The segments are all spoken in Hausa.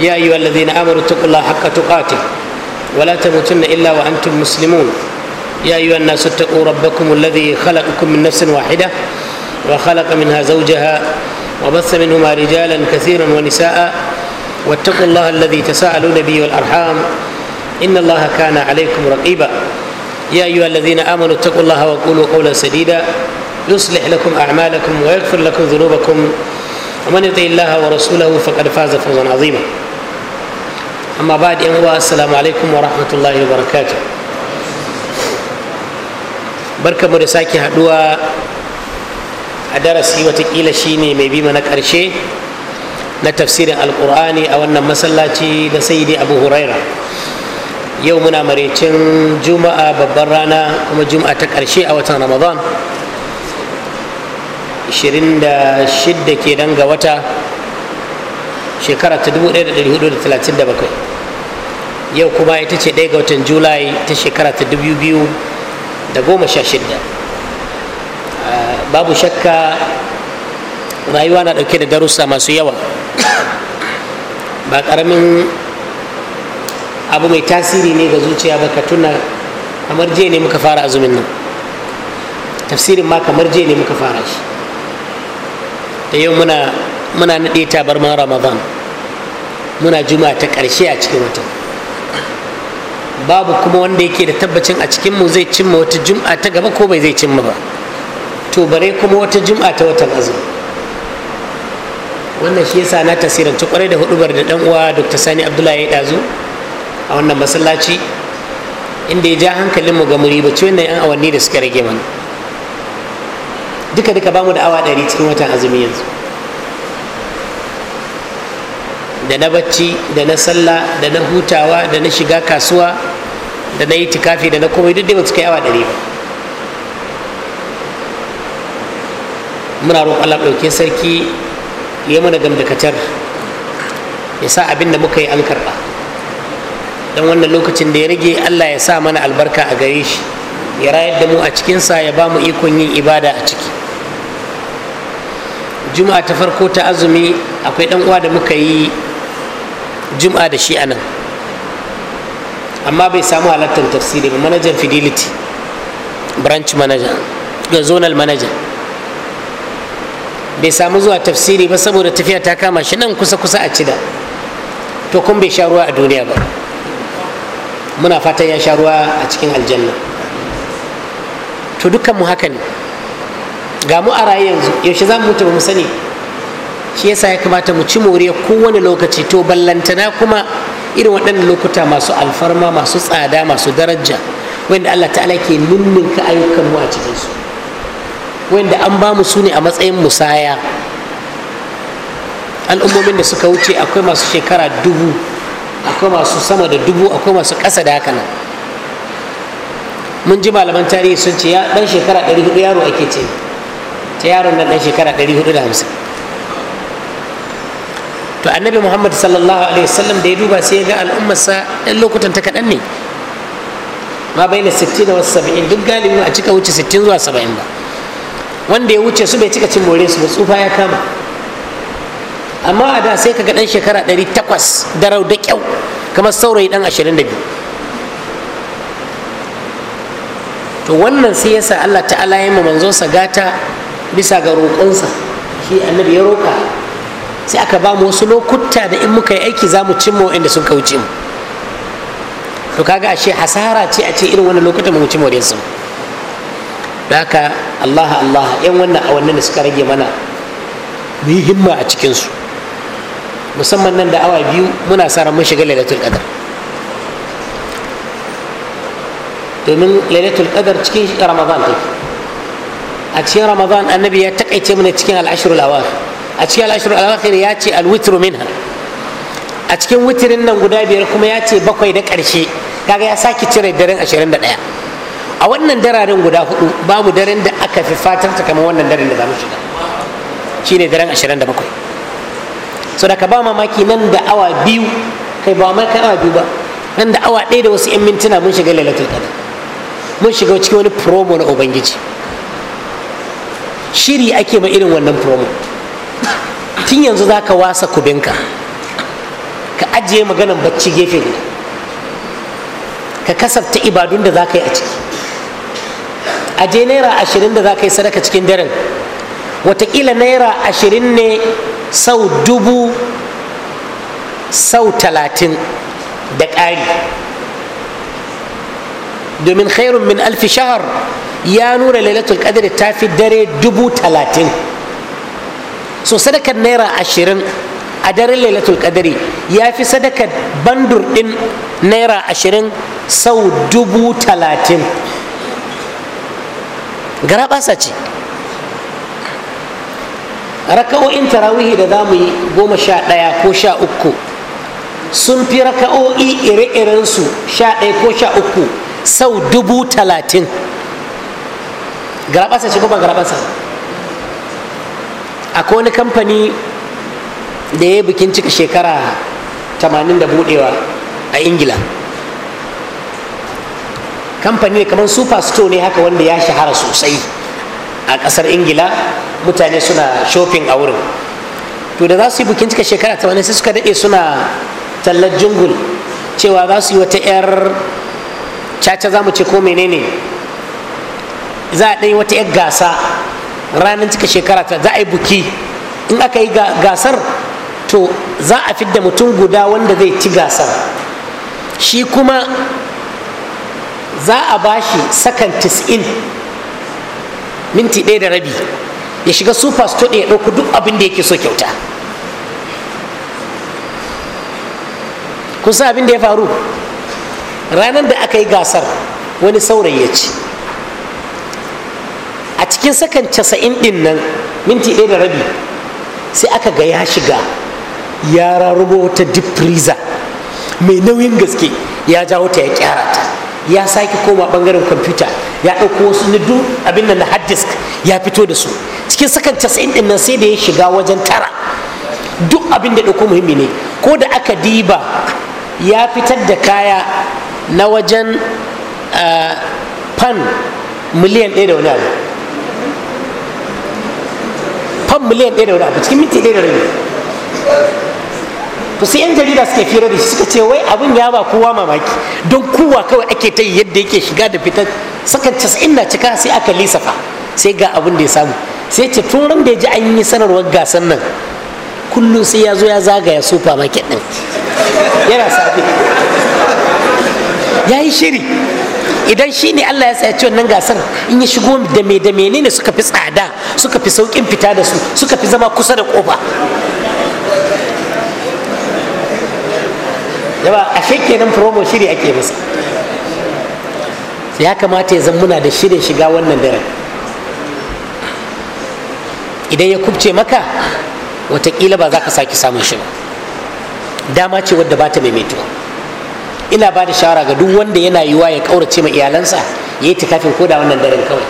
يا ايها الذين امنوا اتقوا الله حق تقاته ولا تموتن الا وانتم مسلمون يا ايها الناس اتقوا ربكم الذي خلقكم من نفس واحده وخلق منها زوجها وبث منهما رجالا كثيرا ونساء واتقوا الله الذي تساءلون به والارحام ان الله كان عليكم رقيبا يا ايها الذين امنوا اتقوا الله وقولوا قولا سديدا يصلح لكم اعمالكم ويغفر لكم ذنوبكم ومن يطع الله ورسوله فقد فاز فوزا عظيما amma ba da uwa assalamu alaikum wa rahmatullahi wa barakatuh barkamu da sake haduwa a darasi watakila shine mai bi na karshe na tafsirin alkur'ani a wannan masallaci da sayyidi abu huraira yau muna maraicin juma'a babban rana kuma juma'a ta karshe a watan ramadan 26 kenan ga wata shekara ta 1437 yau kuma ita ce ɗaya ga watan julai ta shekara ta dubu biyu da goma sha shida ah, babu shakka rayuwa na ɗauke da darussa masu yawa ba ƙaramin abu mai tasiri ne ga zuciya ba ka tuna kamar je ne muka fara azumin nan tafsirin ma kamar je ne muka fara shi da yau muna muna naɗe tabarman ramadan muna juma'a ta ƙarshe a cikin watan babu kuma wanda yake da tabbacin a cikinmu zai cimma wata jum'a ta gaba ko bai zai cimma ba to bare kuma wata jum'a ta watan azumi wannan shi yasa na tasiranci kwarai da hudubar da dan uwa dr sani abdullahi ya dazu a wannan masallaci inda ya ja hankalinmu ga muri muribaci wannan yan awanni da suka rage mana duka duka bamu da awa ɗari cikin watan azumi yanzu da na bacci da na sallah da na hutawa da na shiga kasuwa da na yi tikafi da na komai duk dai ba su kai awa ɗari ba muna roƙon Allah ɗauke sarki ya mana gamdakatar ya sa abin da muka yi an karɓa don wannan lokacin da ya rage Allah ya sa mana albarka a gare shi ya rayar da mu a cikinsa ya ba mu ikon yin ibada a ciki juma'a ta farko ta azumi akwai ɗan uwa da muka yi jum'a da shi anan amma bai samu halattar tafsiri ba manajan fidelity branch manager ga zonal manager bai samu zuwa tafsiri ba saboda tafiya ta kama shi nan kusa-kusa a cida to kun bai sha ruwa a duniya ba muna fatan ya sha ruwa a cikin aljanna to dukkanmu haka ne ga mu a raye yanzu yaushe za mu mutu ba mu sani shi yasa ya kamata mu ci moriya kowane lokaci to ballantana kuma irin waɗannan lokuta masu alfarma masu tsada masu daraja wanda Allah ta'ala ke ka ayyukan mu a cikin su wanda an ba mu su ne a matsayin musaya al'ummomin da suka wuce akwai masu shekara dubu akwai masu sama da dubu akwai masu ƙasa da haka nan mun ji malaman tarihi sun ce ya ɗan shekara 400 yaro ake ce ta yaron nan ɗan shekara 450 to annabi muhammad sallallahu alaihi wasallam da ya duba sai ya ga al'ummarsa ɗan lokutan ta kaɗan ne ma bai na sittin wasu 70 duk galibin a cika wuce sittin zuwa 70 ba wanda ya wuce su bai cika cin more su ba tsufa ya kama amma a da sai ka ga ɗan shekara 800 da rau da kyau kamar saurayi ɗan 22 to wannan sai ya sa Allah ta'ala ya sa gata bisa ga roƙonsa shi annabi ya roƙa sai aka ba mu wasu lokuta da in muka yi aiki za mu cimma waɗanda sun kauce mu to kaga ashe hasara ce a ce irin wannan lokutan mu cimma waɗansu da haka Allah Allah yan wannan a wannan da suka rage mana mu yi himma a cikinsu musamman nan da awa biyu muna sa ran mun shiga lailatul qadar domin lailatul qadar cikin ramadan take a cikin ramadan annabi ya takaice mana cikin al'ashrul awal a cikin al'ashir al'akhir ya ce alwitru minha a cikin witrin nan guda biyar kuma ya ce bakwai da ƙarshe kaga ya sake cire daren ashirin da ɗaya a wannan dararen guda hudu babu daren da aka fi fatar ta kamar wannan daren da za mu shiga shine daren ashirin da bakwai so da ka ba mamaki nan da awa biyu kai ba ma kan awa biyu ba nan da awa ɗaya da wasu 'yan mintuna mun shiga lailatul qadr mun shiga cikin wani promo na ubangiji shiri ake ma irin wannan promo tun yanzu za ka wasa kubinka ka ajiye maganan bacci gefe guda ka kasafta ibadun da za ka yi a ciki aje naira ashirin da za ka yi sadaka cikin daren watakila naira ashirin ne sau dubu sau talatin da ƙari domin khairun min alfi shahar ya nuna lailatul qadr ta fi dare dubu talatin so sadakar naira ashirin a daren lailatul qadari ya fi sadakar bandur ɗin naira ashirin sau dubu talatin gara basa ce raka'o'in tarawihi da za mu yi goma sha ɗaya ko sha uku sun fi raka'o'i ire-irensu sha ɗaya ko sha uku sau dubu talatin garaɓasa ce ko ba garaɓasa akwai wani kamfani da ya yi bikin cika shekara 80 da budewa a ingila kamfani ne kamar store ne haka wanda ya shahara sosai a kasar ingila mutane suna shopping a wurin to da za su yi bikin cika shekara 80 sai suka daɗe suna tallar jungul cewa za su yi wata 'yar caca za mu ce ko menene za a ɗanyi wata 'yar gasa ranar cika shekara ta za a yi buki in aka yi gasar to za a fidda mutum guda wanda zai ci gasar shi kuma za a bashi sakan tis'in minti ɗaya da rabi ya shiga super store ya ɗauku duk abinda da yake so kyauta kusa abin da ya faru ranar da aka yi gasar wani saurayi ya ci cikin sakan casa'in ɗin nan minti ɗaya da rabi sai aka ga ya shiga ya rarrabo wata deep freezer mai nauyin gaske ya jawo ta ya kyara ta ya sake koma bangaren kwamfuta ya ɗauko wasu na abin nan na hard disk ya fito da su cikin sakan casa'in ɗin nan sai da ya shiga wajen tara duk abin da ɗauko muhimmi ne ko da aka diba ya fitar da kaya na wajen eh, pan miliyan ɗaya da wani abu miliyan ɗaya da wani abu cikin minti ɗaya da rabi to sai 'yan jarida suke fira da shi suka ce wai abin ya ba kowa mamaki don kowa kawai ake ta yadda yake shiga da fita saka casa'in na cika sai aka lisafa sai ga abin da ya samu sai ce tun ran da ya ji an yi sanarwar gasar nan kullum sai ya zo ya zagaya supermarket ɗin yana safe ya yi shiri idan shi ne Allah ya tsayaci wannan gasar in ya shigo da me da ne suka fi tsada suka fi saukin fita da su suka fi zama kusa da kofa yaba a kenan promo shiri ake masa ya kamata ya zan muna da shirin shiga wannan daren idan ya kubce maka watakila ba za ka sake samun shi ba dama ce wadda ba ta maimaituwa ina ba da shawara ga duk wanda yana yiwuwa ya kaurace ma iyalansa ya yi tikafin koda wannan daren kawai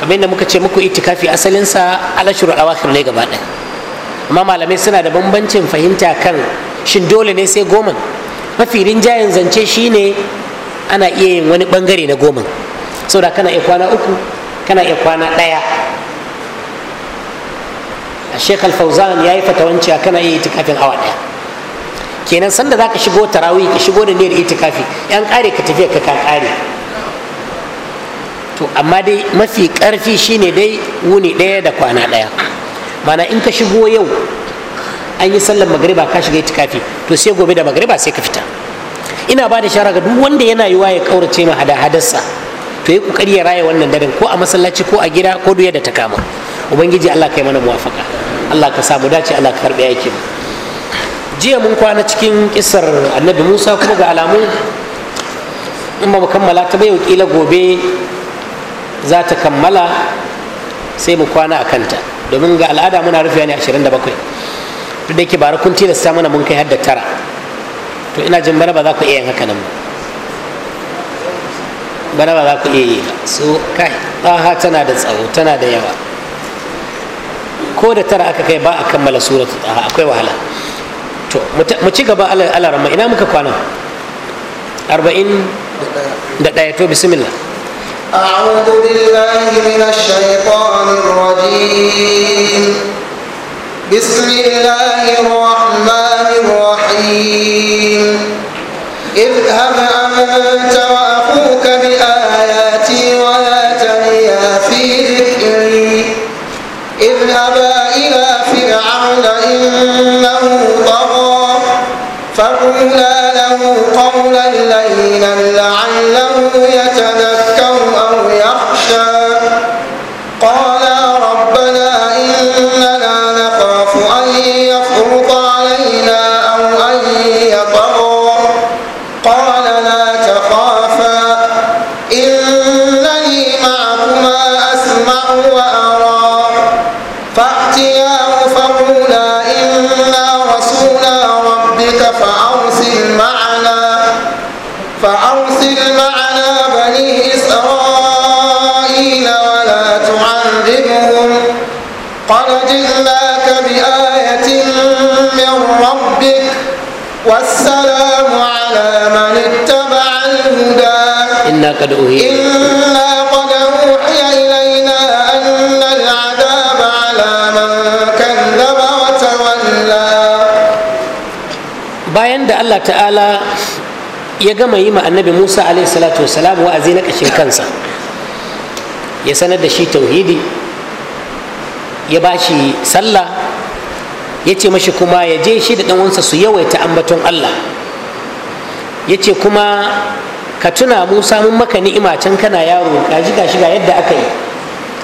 kamar yadda muka ce muku itikafi asalinsa alashur awakhir ne gaba ɗaya amma malamai suna da bambancin fahimta kan shin dole ne sai goman mafi rinjayen zance shine ana iya yin wani bangare na goman saboda kana iya kwana uku kana iya kwana ɗaya a shekh fauzan ya yi fatawanci kana iya itikafin awa ɗaya kenan sanda za ka shigo tarawih ka shigo da niyyar itikafi yan kare ka tafiya ka kan kare to amma dai mafi karfi shine dai wuni daya da kwana daya mana in ka shigo yau an yi sallar magriba ka shiga itikafi to sai gobe da magriba sai ka fita ina ba da shara ga duk wanda yana yiwa ya kaurace ma hada hadarsa to yi kokari ya raya wannan daren ko a masallaci ko a gida ko duye da ta kama ubangiji Allah kai mana muwafaka Allah ka samu dace Allah ka karbe aikin mu jiya mun kwana cikin kisar annabi musa kuma ga alamu in ba mu kammala ta bai kila gobe za ta kammala sai mu kwana a kanta domin ga al'ada muna rufe ne 27 duk da yake bara kun tilasta mana mun kai hadda tara to ina jin bana ba za ku iya yin haka nan ba bana ba za ku iya yi so kai ɗaha tana da tsawo tana da yawa ko da tara aka kai ba a kammala suratu ɗaha akwai wahala to mu ci gaba ala ramma ina muka kwana arba'in da ɗaya to bismillah أعوذ بالله من الشيطان الرجيم بسم الله الرحمن الرحيم اذهب أنت فأولى له قولا لينا لعله يتبع قد جئناك بآية من ربك والسلام على من اتبع الهدى إنا قد أوحي إنا قد أوحي إلينا أن العذاب على من كذب وتولى bayan da Allah ta'ala ya gama yi ma annabi Musa alaihi salatu wasalam wa'azi na kashin kansa ya sanar da shi tauhidi ya ba shi sallah ya ce mashi kuma ya je shi da ɗan'uwansa su yawaita ambaton Allah ya ce kuma ka tuna mu samun maka ni'ima can kana yaro ka ji gashi ga yadda aka yi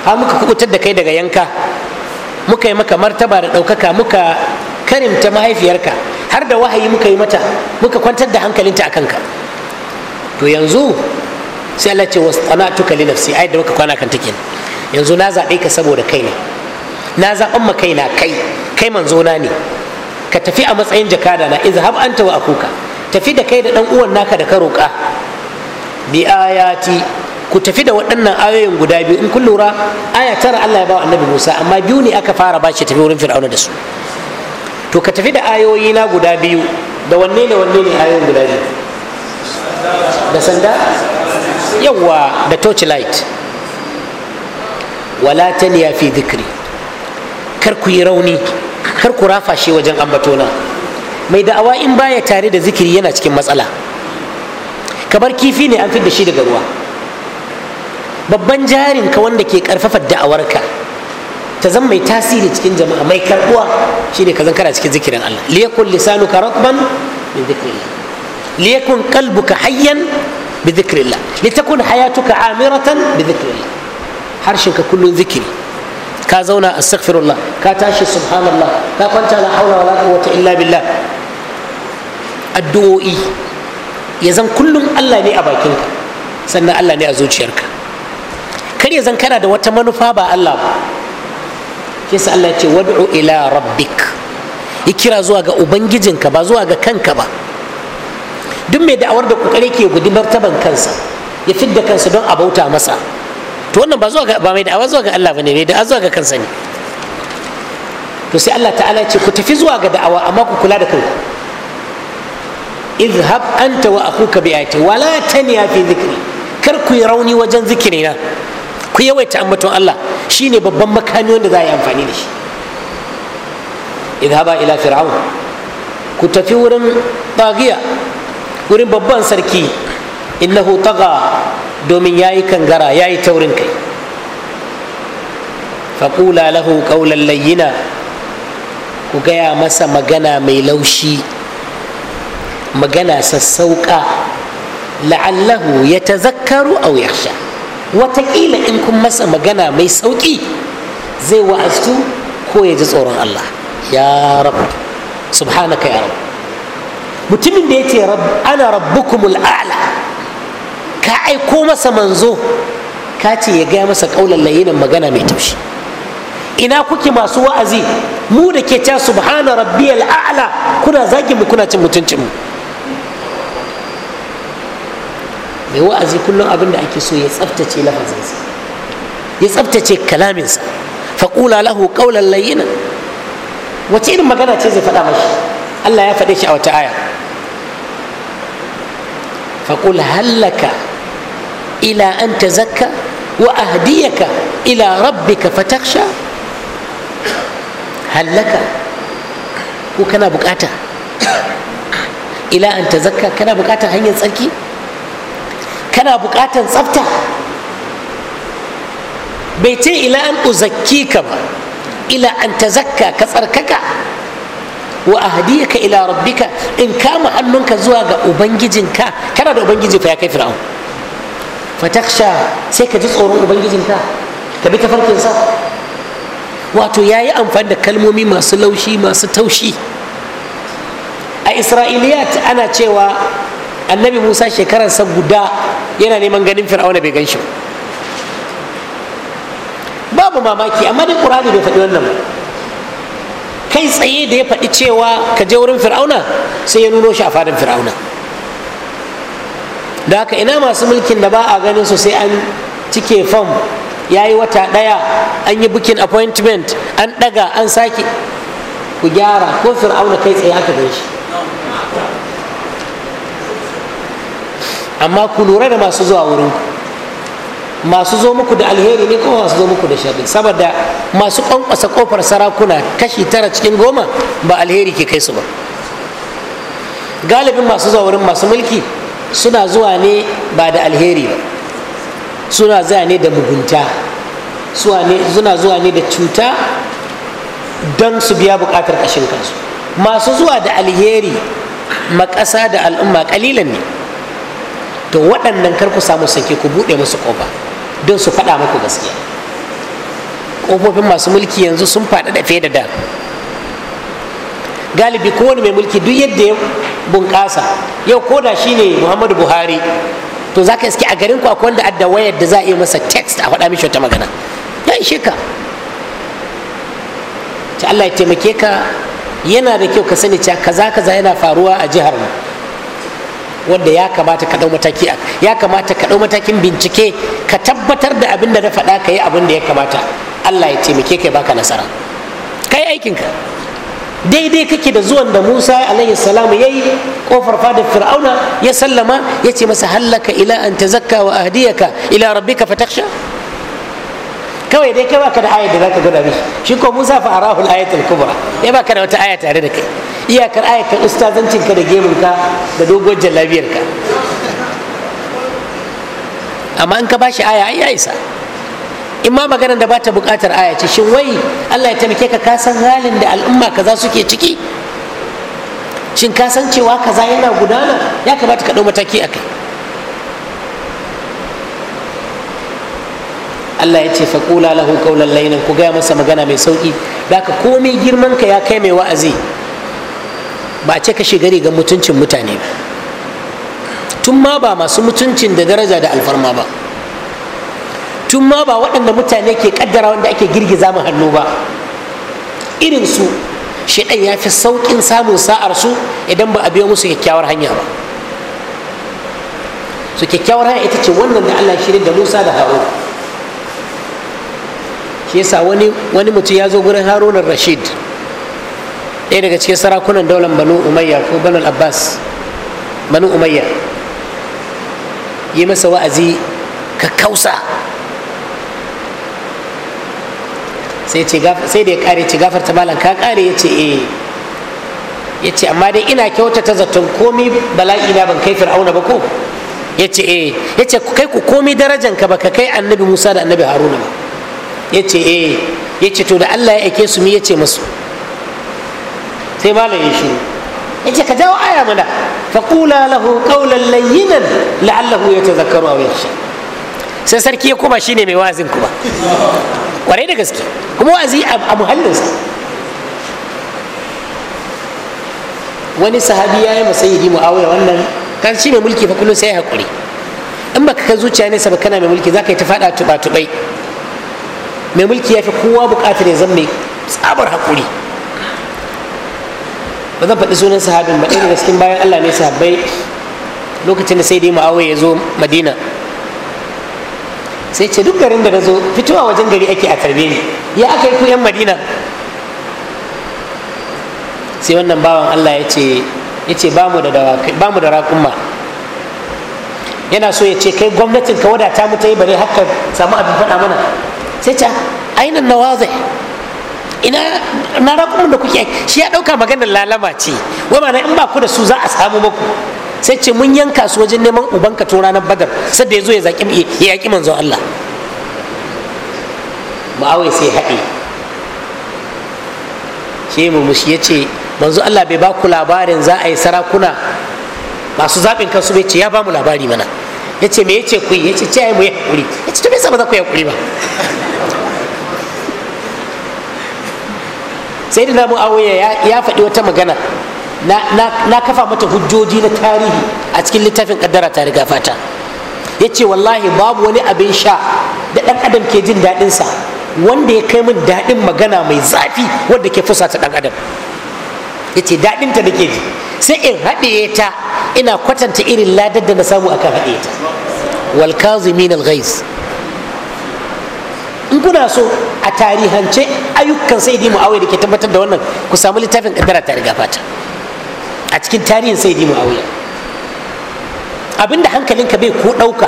har muka kubutar da kai daga yanka muka yi maka martaba da ɗaukaka muka karimta mahaifiyarka har da wahayi muka yi mata muka kwantar da hankalinta a kanka to yanzu sai Allah ce wasu tuka li nafsi ai da muka kwana kan take yanzu na zaɓe ka saboda kai ne na zaɓan ma na kai kai manzona ne ka tafi a matsayin jakada na izhab anta wa akuka tafi da kai da dan uwan naka da ka roƙa bi ayati ku tafi da waɗannan ayoyin guda biyu in kun lura aya tara Allah ya ba annabi Musa amma biyu ne aka fara bashi tafi wurin Fir'auna da su to ka tafi da ayoyi na guda biyu da wanne ne wanne ne ayoyin guda biyu da sanda yawa da torchlight wala taniya fi dhikri kar ku yi rauni kar ku rafa shi wajen ambatona mai da'awa in baya tare da zikiri yana cikin matsala kabar kifi ne an da shi daga ruwa babban jarin ka wanda ke karfafa da'awarka ta zan mai tasiri cikin jama'a mai karbuwa shine ka zan kana cikin zikirin Allah liyakun lisanuka ratban bi dhikrillah liyakun qalbuka hayyan bi dhikrillah litakun hayatuka amiratan bi dhikrillah harshenka kullun zikiri ka zauna astaghfirullah ka tashi subhanallah ka kwanta la haula wala quwwata illa billah addu'o'i ya zan kullum Allah ne a bakinka sannan Allah ne a zuciyarka kar ya zan kana da wata manufa ba Allah ba yasa Allah ya ce wad'u ila rabbik ya kira zuwa ga ubangijinka ba zuwa ga kanka ba duk mai da'awar da kokari ke gudubar taban kansa ya fidda kansa don a bauta masa to wannan ba zuwa ga ba mai da'awa zuwa ga Allah bane mai da'awa zuwa ga kansa ne to sai Allah ta'ala ce ku tafi zuwa ga da'awa amma ku kula da kanku izhab anta wa akhuka bi ayati wala taniya fi dhikri kar ku yi rauni wajen zikiri na, ku yawaita ambaton Allah shine babban makami wanda za a yi amfani da shi idhaba ila fir'aun ku tafi wurin tagiya wurin babban sarki innahu taga domin ya yi kangara ya yi taurin kai faƙula lahu ƙaunar layyina ku gaya masa magana mai laushi magana sassauƙa la'allahu ya ta zakaru a yakhsha wataƙila in kun masa magana mai sauƙi zai wa'astu ko ya ji tsoron Allah ya rabu subhanaka ya rabu mutumin da ya ce ana rabbukumul a'la ka aiko masa manzo ka ce ya gaya masa ƙaunar layinan magana mai taushi ina kuke masu wa'azi mu da ke can subhana rabbi al'ala. kuna zagin mu kuna cin mutuncin mu mai wa'azi kullum abin da ake so ya tsaftace lafazinsa ya tsaftace kalaminsa faƙula lahu ƙaunar layyina wace irin magana ce zai faɗa mashi allah ya faɗe shi a wata aya Faƙula hallaka إلى أن تزكى وأهديك إلى ربك فتخشى هل لك وكنا بكاتا إلى أن تزكى كنا بكاتا هنيا تسلكي كنا بكاتا صفتا بيتي إلى أن أزكيك ما إلى أن تزكى كفركك وأهديك إلى ربك إن كان أنك زواج أبنجي كا كان أبنجي فيا كيف رأوا fataksha sai ka ji tsoron ubangijinka ka bi tafarkinsa wato ya yi amfani da kalmomi masu laushi masu taushi a isra'iliyat ana cewa annabi musa shekararsa guda yana neman ganin fir'auna bai gan shi babu mamaki amma dai ƙur'ani bai faɗi wannan kai tsaye da ya faɗi cewa ka je wurin fir'auna sai ya nuno shi a fadin fir'auna da haka ina masu mulkin da ba a ganin su sai an cike fam ya yi wata ɗaya an yi bukin appointment an ɗaga an sake ku gyara ko fir'auna kai tsaye aka gan shi amma ku lura da masu zuwa wurin masu zo muku da alheri ne kuma masu zo muku da sharri saboda masu kwankwasa kofar sarakuna kashi tara cikin goma ba alheri ke kai su ba galibin masu zuwa wurin masu mulki suna zuwa ne ba da alheri ba suna zuwa ne da mugunta suna zuwa ne da cuta don su biya bukatar ƙashin kansu masu zuwa da alheri makasa da al'umma kalilan ne to waɗannan kar ku samu sake ku buɗe musu ƙofa don su faɗa maku gaskiya ƙofofin masu mulki yanzu sun faɗaɗa fiye da da galibi ko wani mai mulki duk yadda ya bunƙasa yau ko da ne muhammadu buhari to za ka iske a garin ku wanda adda wayar da za a yi masa text a faɗa mishi wata magana ya ishe ka ta Allah ya taimake ka yana da kyau ka sani cewa kaza kaza yana faruwa a jihar mu wanda ya kamata ka dau mataki ya kamata ka dau matakin bincike ka tabbatar da abin da na faɗa ka yi abin da ya kamata Allah ya taimake ka ya baka nasara kai aikinka daidai kake da zuwan da musa alaihi salamu ya yi kofar fadar fir'auna ya sallama ya ce masa hallaka ila an ta tazakka wa ahdiyaka ila rabbika fataksha kawai dai kai baka da ayat da zaka gwada mishi shi ko musa fa arahul ayatul kubra ya baka da wata aya tare da kai iyakar ayakan ustazancin ka da gemun ka da dogon jallabiyar ka amma in ka bashi aya ai ya isa in ma maganar da bata bukatar aya ce shin wai Allah ya taimake ka ka san halin da al'umma kaza suke ciki shin ka san cewa kaza yana gudana ya kamata ka ɗau mataki akai kai Allah ya ce qula lahu qawlan layyinan ku gaya masa magana mai sauki da komai girman ka ya kai mai wa'azi ba a ce ka shiga ga mutuncin mutane ba tun ma ba masu mutuncin da daraja da alfarma ba tun ma ba waɗanda mutane ke kaddara wanda ake girgiza mu hannu ba irin su shaidan ya fi sauƙin samun sa'ar su idan ba a biyo musu kyakkyawar hanya ba su kyakkyawar hanya ita ce wannan da Allah shirin da Musa da haru shi yasa wani mutum ya zo gurin Harunan Rashid ɗaya daga cikin sarakunan daular Banu Umayya ko Banu Abbas Banu Umayya yi masa wa'azi ka kausa sai da ya kare ce gafarta malam ka kare ya ce eh ya ce amma dai ina kyautata zaton komi bala'i na ban kai fir'auna ba ko ya ce eh ya ce kai ku komi darajan ka baka kai annabi musa da annabi haruna ba ya ce eh ya ce to da allah ya aike su mi ya ce masu sai malam ya shiru ya ce ka jawo aya mana faƙula lahu ƙaunar layyinan la'allahu ya zakaru a wani sai sarki ya koma shine mai wazin kuma kwarai da gaske kuma wa'azi a muhallinsa wani sahabi ya yi yi mu'awiya wannan kan shi mai mulki fa kullum sai ya haƙuri in baka ka zuciya nesa ba kana mai mulki za ka yi ta faɗa tuba-tubai mai mulki ya fi kowa buƙatar ya zama mai tsabar haƙuri ba zan faɗi sunan sahabin ba ɗaya daga cikin bayan allah ne sahabbai lokacin da sai dai mu'awiya ya zo madina sai ce duk garin da na zo fitowa wajen gari ake a tarbe ni ya aka yi kuyan madina sai wannan bawan allah ya ce ya ce ba mu da raƙumma yana so ya ce kai gwamnatin ka wadata mu ta yi bare haka samu abin faɗa mana sai ce ainihin na waze ina na raƙumman da kuke shi ya ɗauka maganar lalama ce wai ma in ba ku da su za a samu muku sai ce mun yanka su wajen neman ubanka tun ranar badar da ya zo ya zaƙi ya yaƙi manzon Allah ma'awai sai haɗe shi mushi ya ce manzo Allah bai ba ku labarin za a yi sarakuna masu zaɓin kansu bai ce ya ba mu labari mana ya ce me ya ce ku yi ya ce ce mu yi haƙuri ya ce to me yasa ba za ku yi haƙuri ba sai da namu awoya ya faɗi wata magana na kafa mata hujjoji na tarihi a cikin littafin kaddara ta riga fata ya ce wallahi babu wani abin sha da ɗan adam ke jin daɗinsa wanda ya kai min daɗin magana mai zafi wadda ke fusata ɗan adam ya ce daɗinta da ke ji sai in haɗe ta ina kwatanta irin ladar da na samu a kan haɗe ta wal kazimin al in kuna so a tarihance ayyukan sai di awai da ke tabbatar da wannan ku samu littafin ƙaddara ta riga fata a cikin tarihin sai sayyidi muawiya abinda hankalinka bai ko ɗauka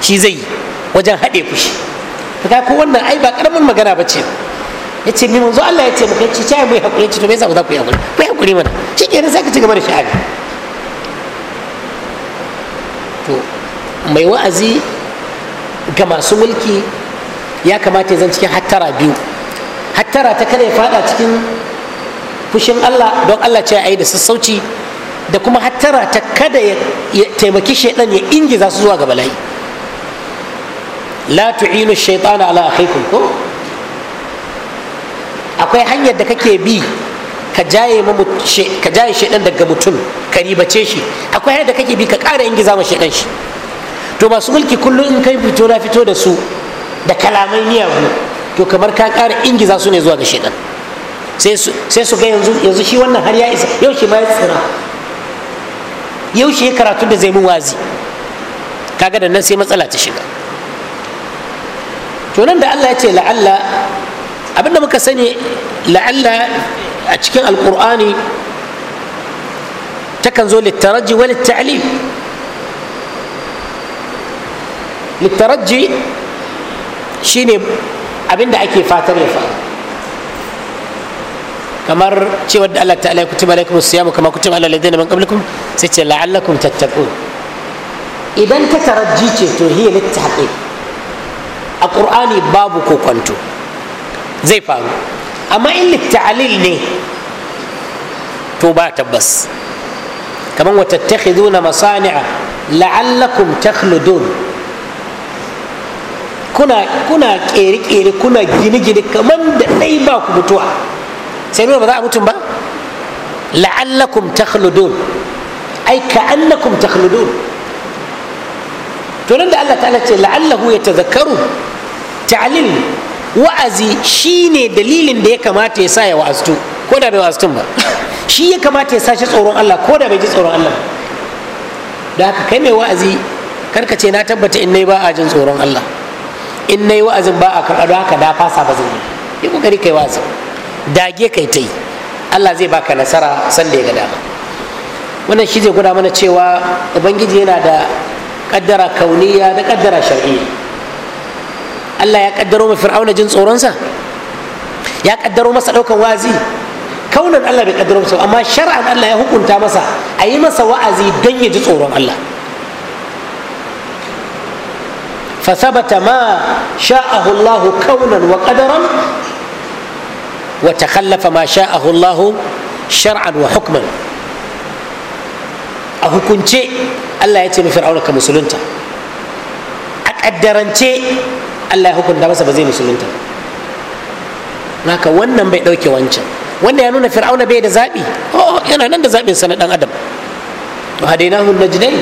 shi zai wajen haɗe fushi ka ko wannan ai ba ƙaramin magana ba ce ya ce mi manzo Allah ya ce muka ci ta mai hakuri ci to me yasa ku za ku yi hakuri ku yi hakuri mana shi kenan sai ka ci gaba da sha'ani to mai wa'azi ga masu mulki ya kamata ya zan cikin hattara biyu hattara ta kada ya fada cikin fushin Allah don Allah ce ai da sassauci da kuma hattara ta kada ya taimaki shaidan ya ingiza su zuwa ga bala'i la tu'inu shaytana ala akhikum ko akwai hanyar da kake bi ka jaye ka jaye shaidan daga mutum ka ribace shi akwai hanyar da kake bi ka ƙara ingiza ma shaidan shi to masu mulki kullum in kai fito na fito da su da kalamai miyagu to kamar ka ƙara ingiza su ne zuwa ga shaidan sai su ga yanzu yanzu shi wannan har ya isa yau shi ma ya tsira ya karatu da zai min wazi kaga da nan sai matsala ta shiga to nan da Allah ya ce la'alla abinda muka sani la'alla a cikin alkur'ani takan zo littaraji wa litta'lim littaraji shine abinda ake fatar ya faru kamar cewar da Allah ta'ala ya kutiba alaikum siyamu kama kutiba alal ladina min qablikum sai ce la'allakum tattaqun idan ta tarajji ce to hiya littahqiq a qur'ani babu ko kwanto zai faru amma in litta'lil ne to ba tabbas kaman wa tattakhiduna masani'a la'allakum takhludun kuna kuna kere-kere kuna gine-gine kaman da ɗai ba ku mutuwa sai nuna ba za a mutum ba la'allakum takhludun ai ta takhludun to nan da Allah ta'ala ce la'allahu yatazakkaru ta'lil wa'azi shine dalilin da ya kamata ya sa ya wa'aztu ko da bai wa'aztun ba shi ya kamata ya sa shi tsoron Allah ko da bai ji tsoron Allah da haka kai mai wa'azi karka ce na tabbata in nayi ba a jin tsoron Allah in nayi wa'azin ba a karɓa haka da fasa ba zan yi yi kokari kai wa'azin dage kai ta yi allah zai baka nasara sanda ya ga dama wannan shi zai gwada mana cewa ubangiji yana da kaddara kauniya da kaddara shar'iyya allah ya kaddaro ma fir'auna jin tsoronsa ya kaddaro masa daukan wazi kaunan allah bai kaddaro masa amma shar'an allah ya hukunta masa a yi masa wa'azi don ya ji tsoron allah فثبت ما شاءه الله كونا وقدرا وتخلف ما شاءه الله شرعا وحكما a hukunce Allah ya ce mu fir'auna ka musulunta a ƙaddarance Allah ya hukunta masa ba zai musulunta naka wannan bai dauke wancan wanda ya nuna fir'auna bai da zabi oh yana nan da zabin sa na dan adam to hadainahu najdain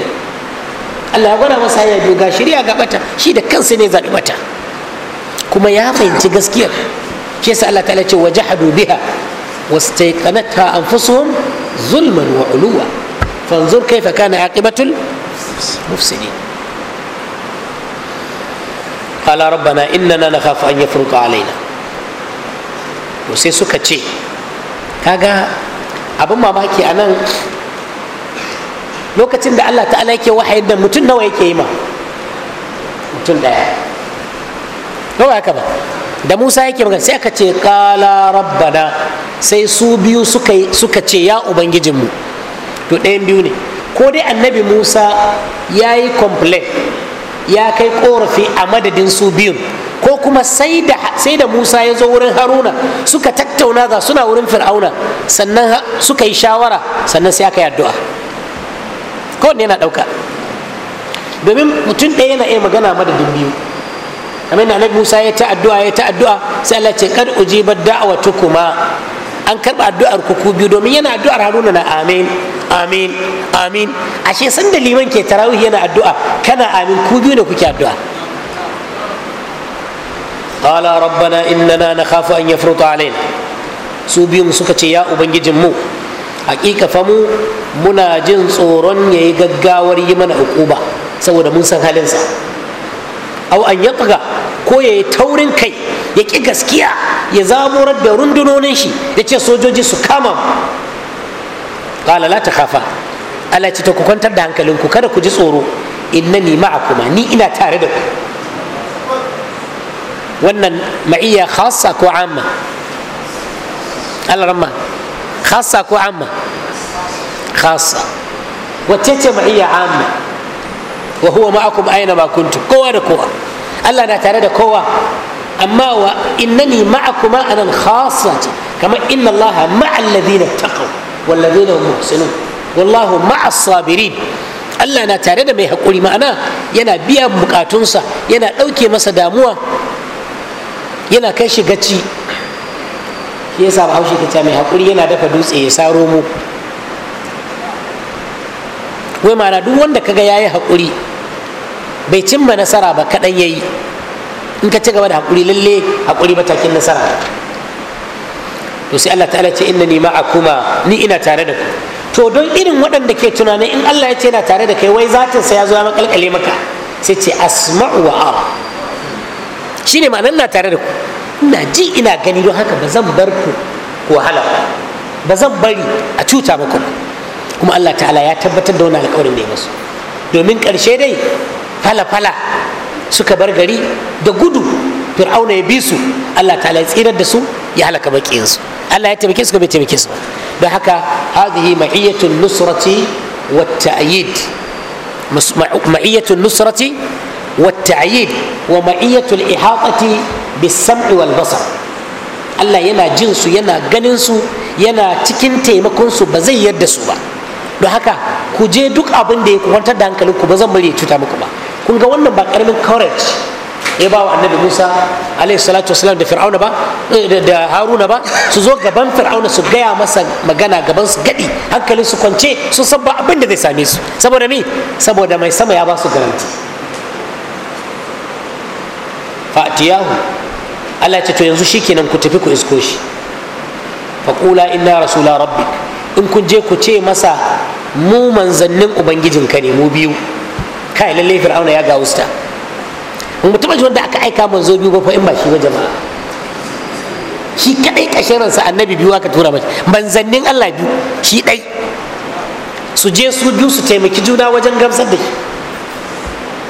Allah ya gwada masa ya biyu ga shirya ga bata shi da kansa ne zabi bata kuma ya fahimci gaskiyar shi yasa Allah ta'ala ce wajahadu biha wastaiqanatha anfusuhum zulman wa uluwa fanzur kaifa kana aqibatul mufsidin قال ربنا إننا نخاف أن يفرط علينا وسيسوك تشي kaga abin mamaki a nan lokacin da allah ta'ala yake wahayin da mutum nawa yake yi ma mutum daya nawa haka ba da musa yake magana sai aka ce kala rabbana sai su biyu suka ce ya ubangijinmu to ɗayan biyu ne ko dai annabi musa ya yi complain ya kai korafi a madadin su biyun ko kuma sai da musa ya zo wurin haruna suka tattauna ga suna wurin fir'auna sannan suka yi shawara sannan sai aka yi addu'a kowanne yana ɗauka domin mutum ɗaya yana iya magana madadin biyu kamar yadda annabi Musa ya ta addu'a ya ta addu'a sai Allah ce kar ba da'awa tukuma an karba addu'ar ku ku biyu domin yana addu'ar Haruna na amin amin amin ashe san da liman ke tarawih yana addu'a kana amin ku biyu ne kuke addu'a qala rabbana innana nakhafu an yafruta alaina su biyun suka ce ya ubangijin mu hakika fa mu muna jin tsoron yayi gaggawar yi mana ukuba saboda mun san halin sa. au an yatga ko ya yi taurin kai ya ƙi gaskiya ya zaburar da rundunonin shi ya ce sojoji su kama qala la takhafa Allah ce ta ku kwantar da hankalinku kada ku ji tsoro inna innani ma'akuma ni ina tare da ku wannan ma'iyya khassa ko amma alarma khassa ko amma khassa wacce ce ma'iyya amma wa huwa ma'akum aina ma kuntum kowa da kowa Allah na tare da kowa amma wa innani ma'akuma anan khassa ce kamar inna Allah ma'al ladina taqaw wal ladina hum muhsinun wallahu ma'a sabirin Allah na tare da mai haƙuri ma'ana yana biya bukatunsa yana ɗauke masa damuwa yana kai shi gaci shi yasa bahaushe ke mai haƙuri yana dafa dutse ya saro mu wai mana duk wanda kaga yayi haƙuri bai cimma nasara ba kaɗan ya yi in ka ci gaba da haƙuri lalle haƙuri matakin nasara to sai Allah ta'ala ce ni ma'akuma ni ina tare da ku to don irin waɗanda ke tunanin in Allah ya ce yana tare da kai wai zatin sa ya zo ya makalkale maka sai ce asma'u wa ara shine ma'anar na tare da ku ina ji ina gani don haka ba zan bar ku ko wahala ba zan bari a cuta muku kuma Allah ta'ala ya tabbatar da wani alƙawarin da ya masu domin ƙarshe dai fala-fala suka bar gari da gudu fir'auna ya bi su allah ta ya tsirar da su ya halaka baƙinsu allah ya taimake su ko bai taimake su don haka hadhihi ma'iyyatul nusrati wa ta'yid ma'iyyatul nusrati wa ta'yid wa ma'iyyatul ihatati bis sam'i wal basar allah yana jin su yana ganin su yana cikin taimakon su ba zai yarda su ba don haka ku je duk abin da ya kwantar da hankalinku ba zan bari ya cuta muku ba kun ga wannan ba karamin courage ya ba wa annabi musa alayhi salatu wasalam da fir'auna ba eh, da haruna ba su zo gaban fir'auna su gaya masa magana gaban su gadi hankalin su kwance su san ba abin da zai same su saboda me saboda mai sama ya ba su garanti fa'tiyahu Allah ya ce to yanzu shikenan ku tafi ku isko shi faqula inna rasula rabbik in kun je ku ce masa mu manzannin ubangijinka ne mu biyu kai lalle fir'auna ya ga wusta mu taba wanda aka aika manzo biyu ba fa in ba shi ba jama'a shi kadai kashin ransa annabi biyu aka tura mashi manzannin Allah biyu shi dai su je su biyu su taimaki juna wajen gamsar da shi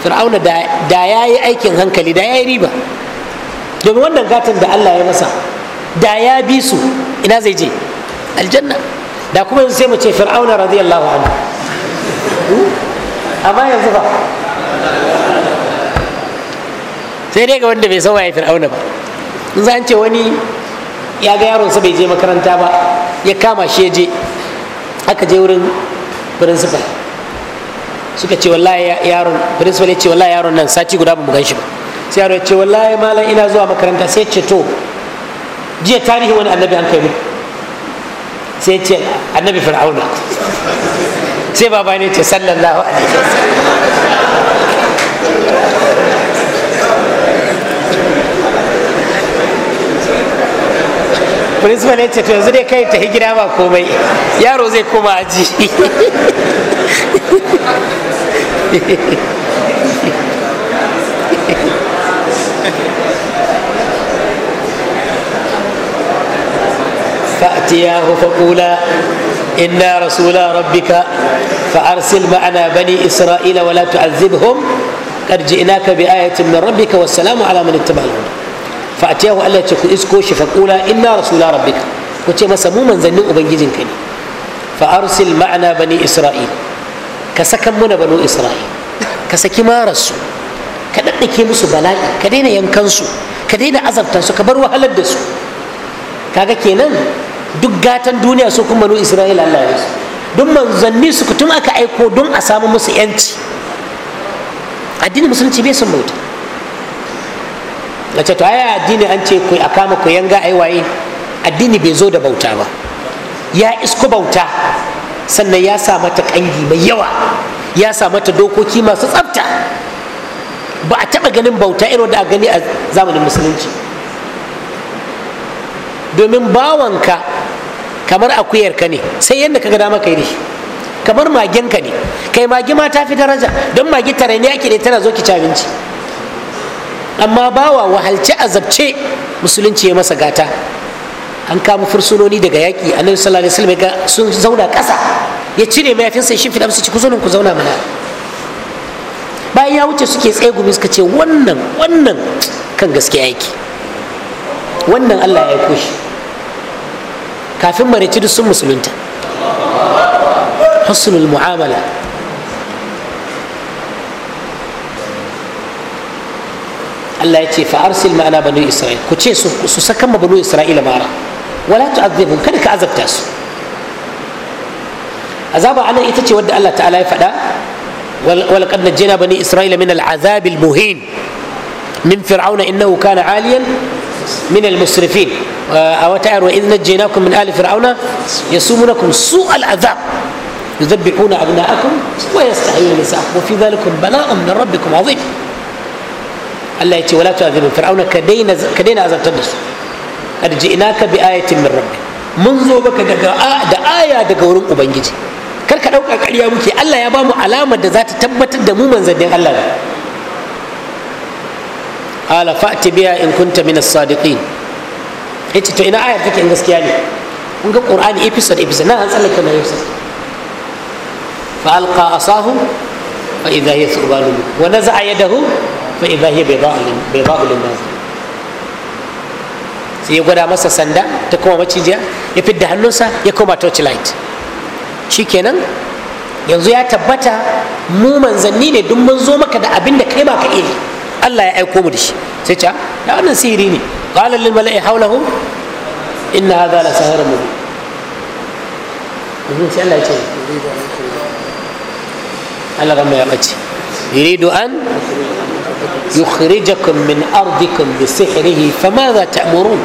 fir'auna da ya yi aikin hankali da ya yi riba domin wannan gatan da Allah ya masa da ya bi su ina zai je aljanna da kuma yanzu sai mu ce fir'auna radiyallahu anhu amma yanzu ba sai dai ga wanda bai san waye fir'auna ba in za ce wani ya ga su bai je makaranta ba ya kama shi ya je aka je wurin principal suka ce wallahi yaron principal ya ce wallahi yaron nan sati guda ba mu gan shi ba sai yaro ya ce wallahi malam ina zuwa makaranta sai ce to jiya tarihi wani annabi an kai mu sai ce annabi fir'auna sai baba ne ce sallallahu alaihi principal ya ce to yanzu dai kai ta yi gida ba komai yaro zai koma aji فأتياه فقولا إنا رسولا ربك فأرسل معنا بني إسرائيل ولا تعذبهم قد جئناك بآية من ربك والسلام على من اتبع الهدى فأتياه ألا تكون فقولا إنا رسولا ربك وتي مسا مو من زنن أبنجيزن كني فأرسل معنا بني إسرائيل كسكن من بنو إسرائيل كسكي ما رسو كدنكي مسو بلاي كدين ينكنسو كدين أزبتنسو كبر وهلدسو كاكا كينان duk gatan duniya su kuma banu isra'ila Allah ya su duk manzanni su tun aka aiko don a samu musu yanci addinin musulunci bai son bauta a to addini an ce ku a kama ku yanga ai waye addini bai zo da bauta ba ya isko bauta sannan ya sa mata kangi mai yawa ya sa mata dokoki masu tsafta ba a taba ganin bauta irin da a gani a zamanin musulunci domin bawanka kamar akuyar ka ne sai yadda ka ga dama yi kamar shi kamar ne kai magi ma ta fi daraja don mage tare ne ake da tana zo ki ci amma bawa wahalce azabce musulunci ya masa gata an kama fursunoni daga yaƙi annabi sallallahu alaihi wasallam ga sun zauna ƙasa ya cire mayafinsa ya shimfiɗa musu ci ku ku zauna mana bayan ya wuce suke tsaye gumi suka ce wannan wannan kan gaskiya yake wannan allah ya aiko shi kafin marici duk sun musulunta husnul mu'amala Allah ya ce fa arsil ma'ana banu isra'il ku ce su saka ma banu isra'ila mara wala tu'adhibhum kada ka azabta su azaba anan ita ce wadda Allah ta'ala ya faɗa wal qad najjayna bani isra'ila min al-azab al-muhin min fir'auna innahu kana 'aliyan من المسرفين آه، أو تعالوا إذ نجيناكم من آل فرعون يسومونكم سوء العذاب يذبحون أبناءكم ويستحيون نساءكم وفي ذلك بلاء من ربكم عظيم ألا يأتي ولا تعذبوا فرعون كدين كدين عذاب تدرس قد جئناك بآية من ربك منذ بك دقا دا آية دقا أبنجي كركا دوكا قريا بك ألا يبام علامة ذات تبت za ta tabbatar qala fa'ti biya in kunta min as-sadiqin yace to ina ayar take in gaskiya ne kun ga qur'ani episode episode na an tsallaka na episode fa alqa asahu fa idha hiya thuban wa naza'a yadahu fa idha hiya baydha'u lin-nas sai ya gwada masa sanda ta koma macijiya ya fidda hannunsa ya koma torch torchlight shikenan yanzu ya tabbata mu manzanni ne duk mun zo maka da abin da kai ba ka iya Allah ya aiko mu da shi sai ca ah, da wannan sihiri ne qala lil mala'i hawlahu inna hadha la sahirun mubin mun sai Allah ya ce Allah gama ya bace yuridu an yukhrijakum min ardikum bi sihrihi famadha ta'murun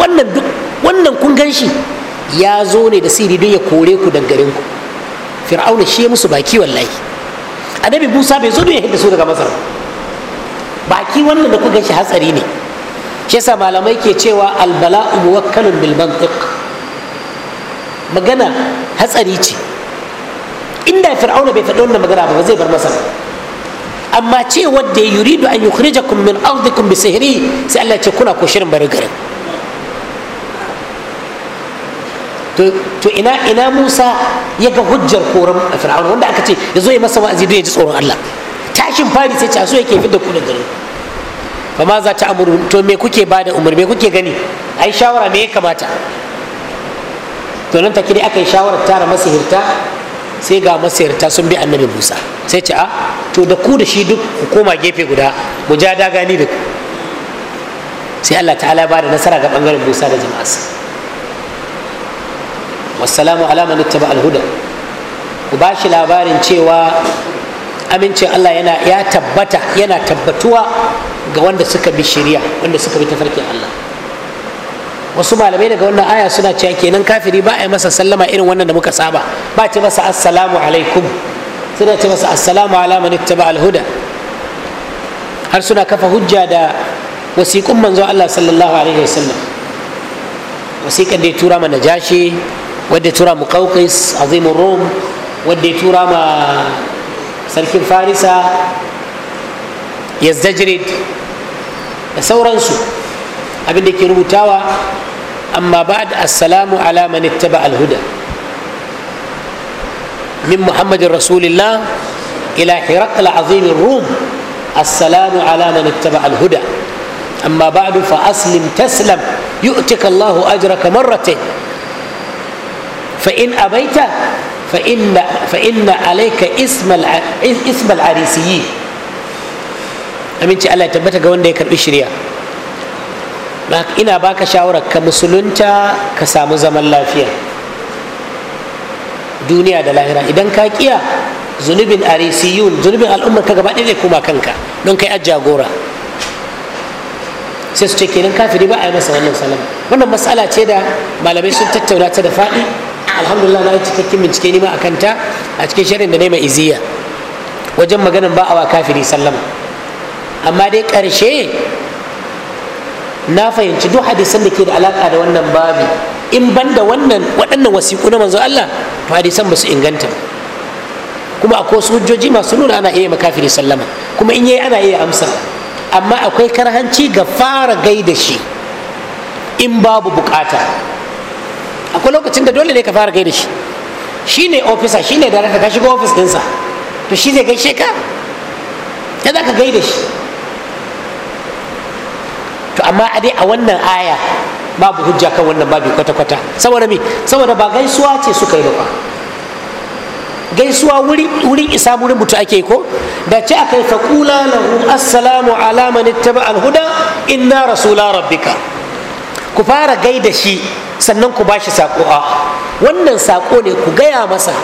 wannan duk wannan kun ganshi ya zo ne da sihiri don ya kore ku garin ku fir'auna shi musu baki wallahi annabi Musa bai zo don ya hidda su daga Masar baki wannan da kuka shi hatsari ne shi yasa malamai ke cewa albala'u muwakkalun bil mantiq magana hatsari ce inda fir'auna bai faɗi wannan magana ba zai bar masa amma ce wanda ya yuridu an yukhrijakum min ardikum bi sihri sai Allah ce kuna ko shirin bari garin to ina ina Musa ya ga hujjar koran fir'auna wanda aka ce ya zo ya masa wa'azi don ya ji tsoron Allah tashin fari sai caso yake fi da ku da dare ba ma za ta amuru to me kuke ba da umar me kuke gani ai shawara me ya kamata to nan take dai aka yi shawara tara masihirta sai ga masihirta sun bi annabi musa sai ce a to da ku da shi duk ku koma gefe guda mu ja da gani da sai allah ta'ala ba da nasara ga bangaren musa da jama'arsa wassalamu ala man ittaba al-huda ku bashi labarin cewa amincin Allah yana ya tabbata yana tabbatuwa ga wanda suka bi shirya wanda suka bi tafarkin Allah wasu malamai daga wannan aya suna cewa kenan kafiri ba a yi masa sallama irin wannan da muka saba ba ce masa assalamu alaikum suna ce masa assalamu ala man ittaba har suna kafa hujja da wasikun manzo Allah sallallahu alaihi wasallam wasiƙan da ya tura ma jashi wadda ya tura mu qauqis azimur rum wadda ya tura ma سلك الفارس يزدجرد سو أبن كيرو تاوى أما بعد السلام على من اتبع الهدى من محمد رسول الله إلى هرقل عظيم الروم السلام على من اتبع الهدى أما بعد فأسلم تسلم يؤتك الله أجرك مرتين فإن أبيت فإن, alaika عليك اسم اسم العريسيين aminci Allah ya tabbata ga wanda ya karbi shirya ina baka shawarar ka musulunta ka samu zaman lafiya duniya da lahira idan ka kiya zunubin arisiyun zunubin al'ummar ka gaba ɗaya kuma kanka don kai jagora sai su ce kenan kafiri ba a yi masa wannan salam wannan matsala ce da malamai sun tattauna da faɗi alhamdulillah na yi cikakken bincike ne ma a kanta a cikin shirin da nema iziya wajen maganin ba awa kafiri sallama amma dai ƙarshe na fahimci duk hadisan da ke da alaka da wannan babi in ban da wannan waɗannan wasiƙu na manzo Allah to hadisan ba su inganta ba kuma akwai wasu hujjoji masu nuna ana iya makafiri sallama kuma in yayi ana iya amsa amma akwai karhanci ga fara gaida shi in babu bukata akwai lokacin da dole ne ka fara gaida shi shi ne ofisa shi ne darakta ka shiga ofis ɗinsa to shi zai gaishe ka ya za ka gaida shi to amma a dai a wannan aya babu hujja kan wannan babu kwata-kwata saboda me saboda ba gaisuwa ce suka yi da kwa gaisuwa wurin isa wurin mutu ake ko da ce aka yi faƙula lahu assalamu ala man ittaba al-huda inna rasula rabbika ku fara gaida shi sannan ku bashi sako a wannan sako ne ku gaya masa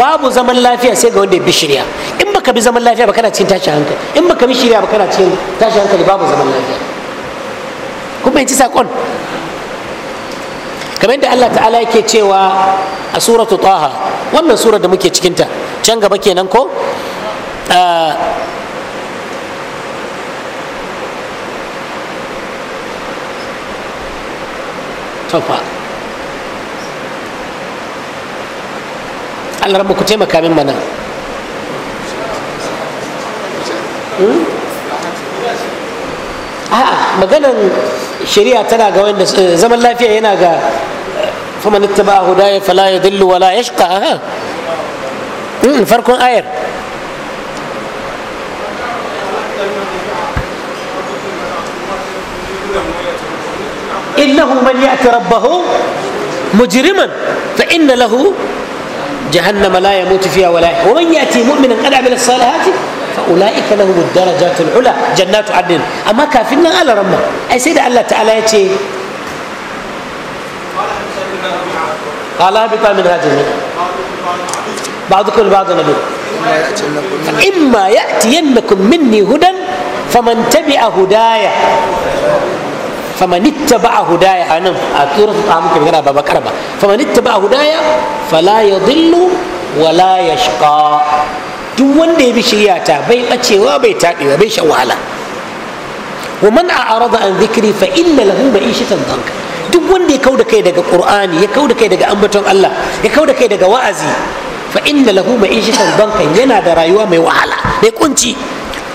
babu zaman lafiya sai ga wanda ya bi shirya in baka bi zaman lafiya ba kana cikin tashi hankali in baka bi shirya ba kana cikin tashi hankali babu zaman lafiya kun fahimci sakon kamar yadda Allah ta'ala yake cewa a suratu taha wannan surar da muke cikinta can gaba kenan ko tofa Allah rabba ku taimaka min mana a'a maganan shari'a tana ga wanda zaman lafiya yana ga faman ittaba hudaya fala yadillu wala yashqa aha farkon ayar إنه من يأتي ربه مجرما فإن له جهنم لا يموت فيها ولا يحيى ومن ياتي مؤمنا قد عمل الصالحات فاولئك لهم الدرجات العلى جنات عدن اما كافرنا على رمى اي سيد الله تعالى ياتي قال اهبطا منها جميعا بعضكم البعض نبي اما ياتينكم مني هدى فمن تبع هدايا famanitta ba a hudaya a nan a tsoron a muka magana ba bakar ba famanitta ba a hudaya fala ya dillu wala ya shiga. duk wanda ya bi shirya ta bai ɓacewa bai taɗewa bai shan wahala wa man a arada an zikiri fa inna lahu ma'ishatan danka duk wanda ya kauda kai daga qur'ani ya kauda kai daga ambaton Allah ya kauda kai daga wa'azi fa inna lahu ma'ishatan danka yana da rayuwa mai wahala mai kunci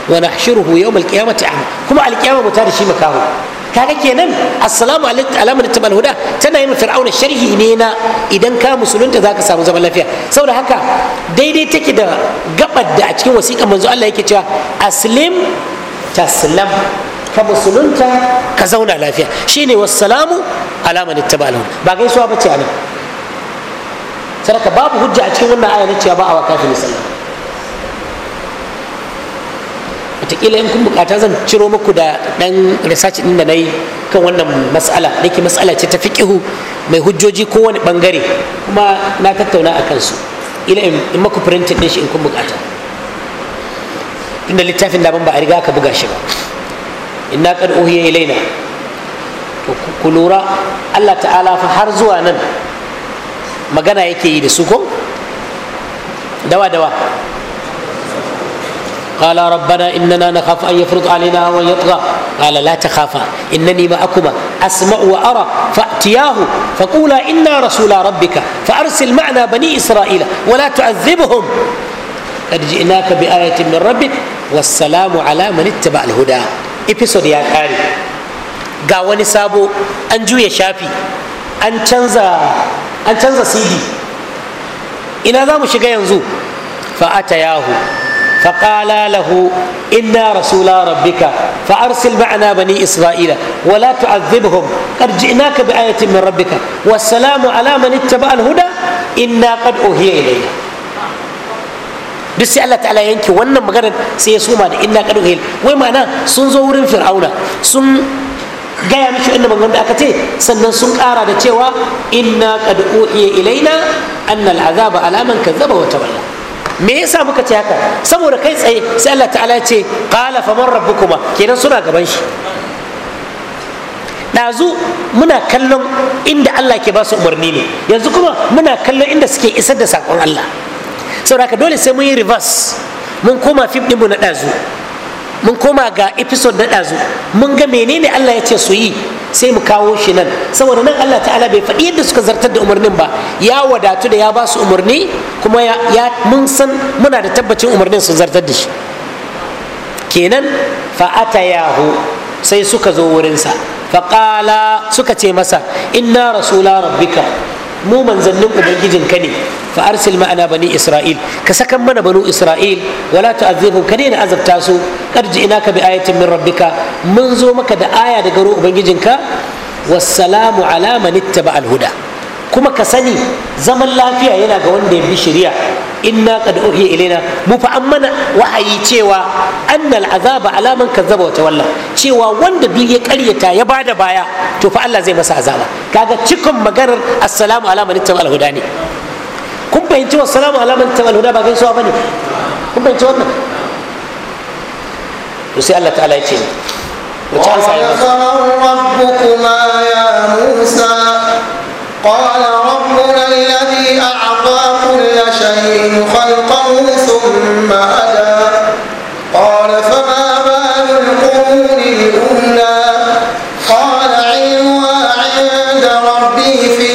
wa nahshuruhu yawm al-qiyamati kuma al-qiyamah mutarishi makahu kaga kenan assalamu alaikum alamar tabal huda tana yin fir'auna sharhi ne na idan ka musulunta zaka samu zaman lafiya saboda haka daidai take da gabar da a cikin wasiƙa manzo Allah yake cewa aslim taslam ka musulunta ka zauna lafiya shine wassalamu alamar tabal ba gaisuwa a anan sadaka babu hujja a cikin wannan aya ba a wa watakila in kun bukata zan ciro muku da ɗan research ɗin da nayi kan wannan masala da ke matsala ce ta fiqihu mai hujjoji ko wani bangare kuma na tattauna a su. ila in maku print din shi in kun bukata inda littafin daban ba a riga ka buga shi ba inna qad uhiya ilaina to ku lura Allah ta'ala fa har zuwa nan magana yake yi da su ko dawa dawa قال ربنا إننا نخاف أن يفرض علينا أو أن يطغى قال لا تخافا إنني معكما أسمع وأرى فأتياه فقولا إنا رسول ربك فأرسل معنا بني إسرائيل ولا تعذبهم قد جئناك بآية من ربك والسلام على من اتبع الهدى إبسود يا كاري ga wani sabo an شافي shafi an canza cd ina إنا ذا shiga yanzu fa'ata yahu فقالا له إنا رسولا ربك فأرسل معنا بني إسرائيل ولا تعذبهم قد جئناك بآية من ربك والسلام على من اتبع الهدى إنا قد أوهي إلينا duk sai Allah ta'ala yanke wannan maganar sai ya suma da inna kadu hil wai ma'ana sun zo wurin fir'auna sun gaya mishi inda maganar da aka ce sannan sun kara da cewa inna qad uhiya ilaina annal azaba alaman kazzaba wa tawalla me yasa muka ce haka saboda kai tsaye sai Allah ta'ala ya ce qala faman rabbukuma kenan suna gaban shi ɗazu muna kallon inda Allah ke ba su umarni ne yanzu kuma muna kallon inda suke isar da saƙon Allah saboda dole sai mun yi reverse mun koma fim ɗinmu na ɗazu mun koma ga episode na ɗazu mun ga menene Allah ya ce su yi sai mu kawo shi nan saboda nan Allah ta'ala bai faɗi yadda suka zartar da umarnin ba ya wadatu da ya ba su umarni kuma ya mun san muna da tabbacin umarnin sun zartar da shi kenan fa'ata yahu sai suka zo wurinsa faƙala suka ce masa inna rasula rabbika mu manzannin ka ne fa arsil ma'ana bani isra'il ka sakan mana banu isra'il wala tu'azzibhum ka daina azabta su karji ina ka bi ayatin min rabbika mun zo maka da aya daga ruwan ubangijin wassalamu ala man ittaba al-huda kuma ka sani zaman lafiya yana ga wanda ya bi shari'a inna qad uhiya ilaina mu fa an mana wa'ayi cewa annal azaba ala man kazzaba wa tawalla cewa wanda duk ya karyata ya bada baya to fa Allah zai masa azaba kaga cikin maganar assalamu ala man tamal huda ne kun fahimci assalamu ala man tamal huda ba gaisuwa bane kun fahimci wannan to sai Allah ta'ala ya ce wace an sa ya rabbukum ya musa قال ربنا الذي أعطى كل شيء خلقه ثم أدى قال فما بال القرون الأولى قال علمها عند ربي في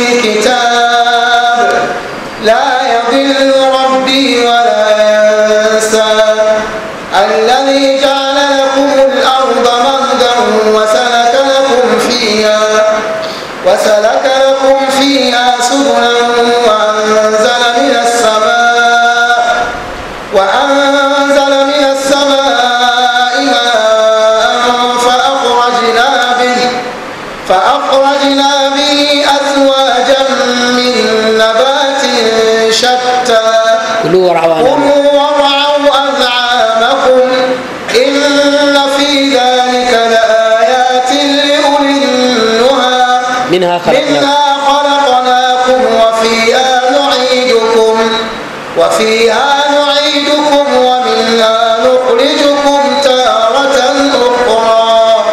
مما خلقناكم وفيها نعيدكم وفيها نعيدكم ومنها نخرجكم تارة أخرى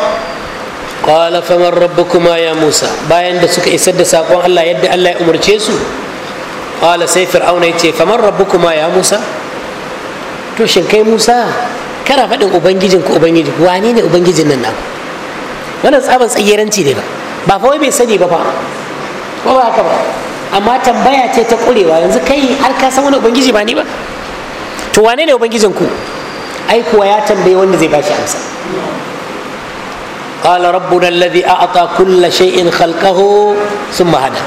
قال فمن ربكما يا موسى باين da suka isar da sakon Allah yadda Allah ya umarce su qala sai fir'auna yace faman rabbukuma ya musa to kai musa kana faɗin ubangijin ko ubangiji ne ubangijin nan wannan tsaban tsageranci ne ba ba fa wai bai sani ba ba ba ba haka ba amma tambaya ce ta kurewa yanzu kai har ka san wani ubangiji ba ni ba to wane ne ubangijin ku ai kuwa ya tambaye wanda zai bashi amsa qala rabbuna alladhi a'ata kulla shay'in khalqahu thumma hada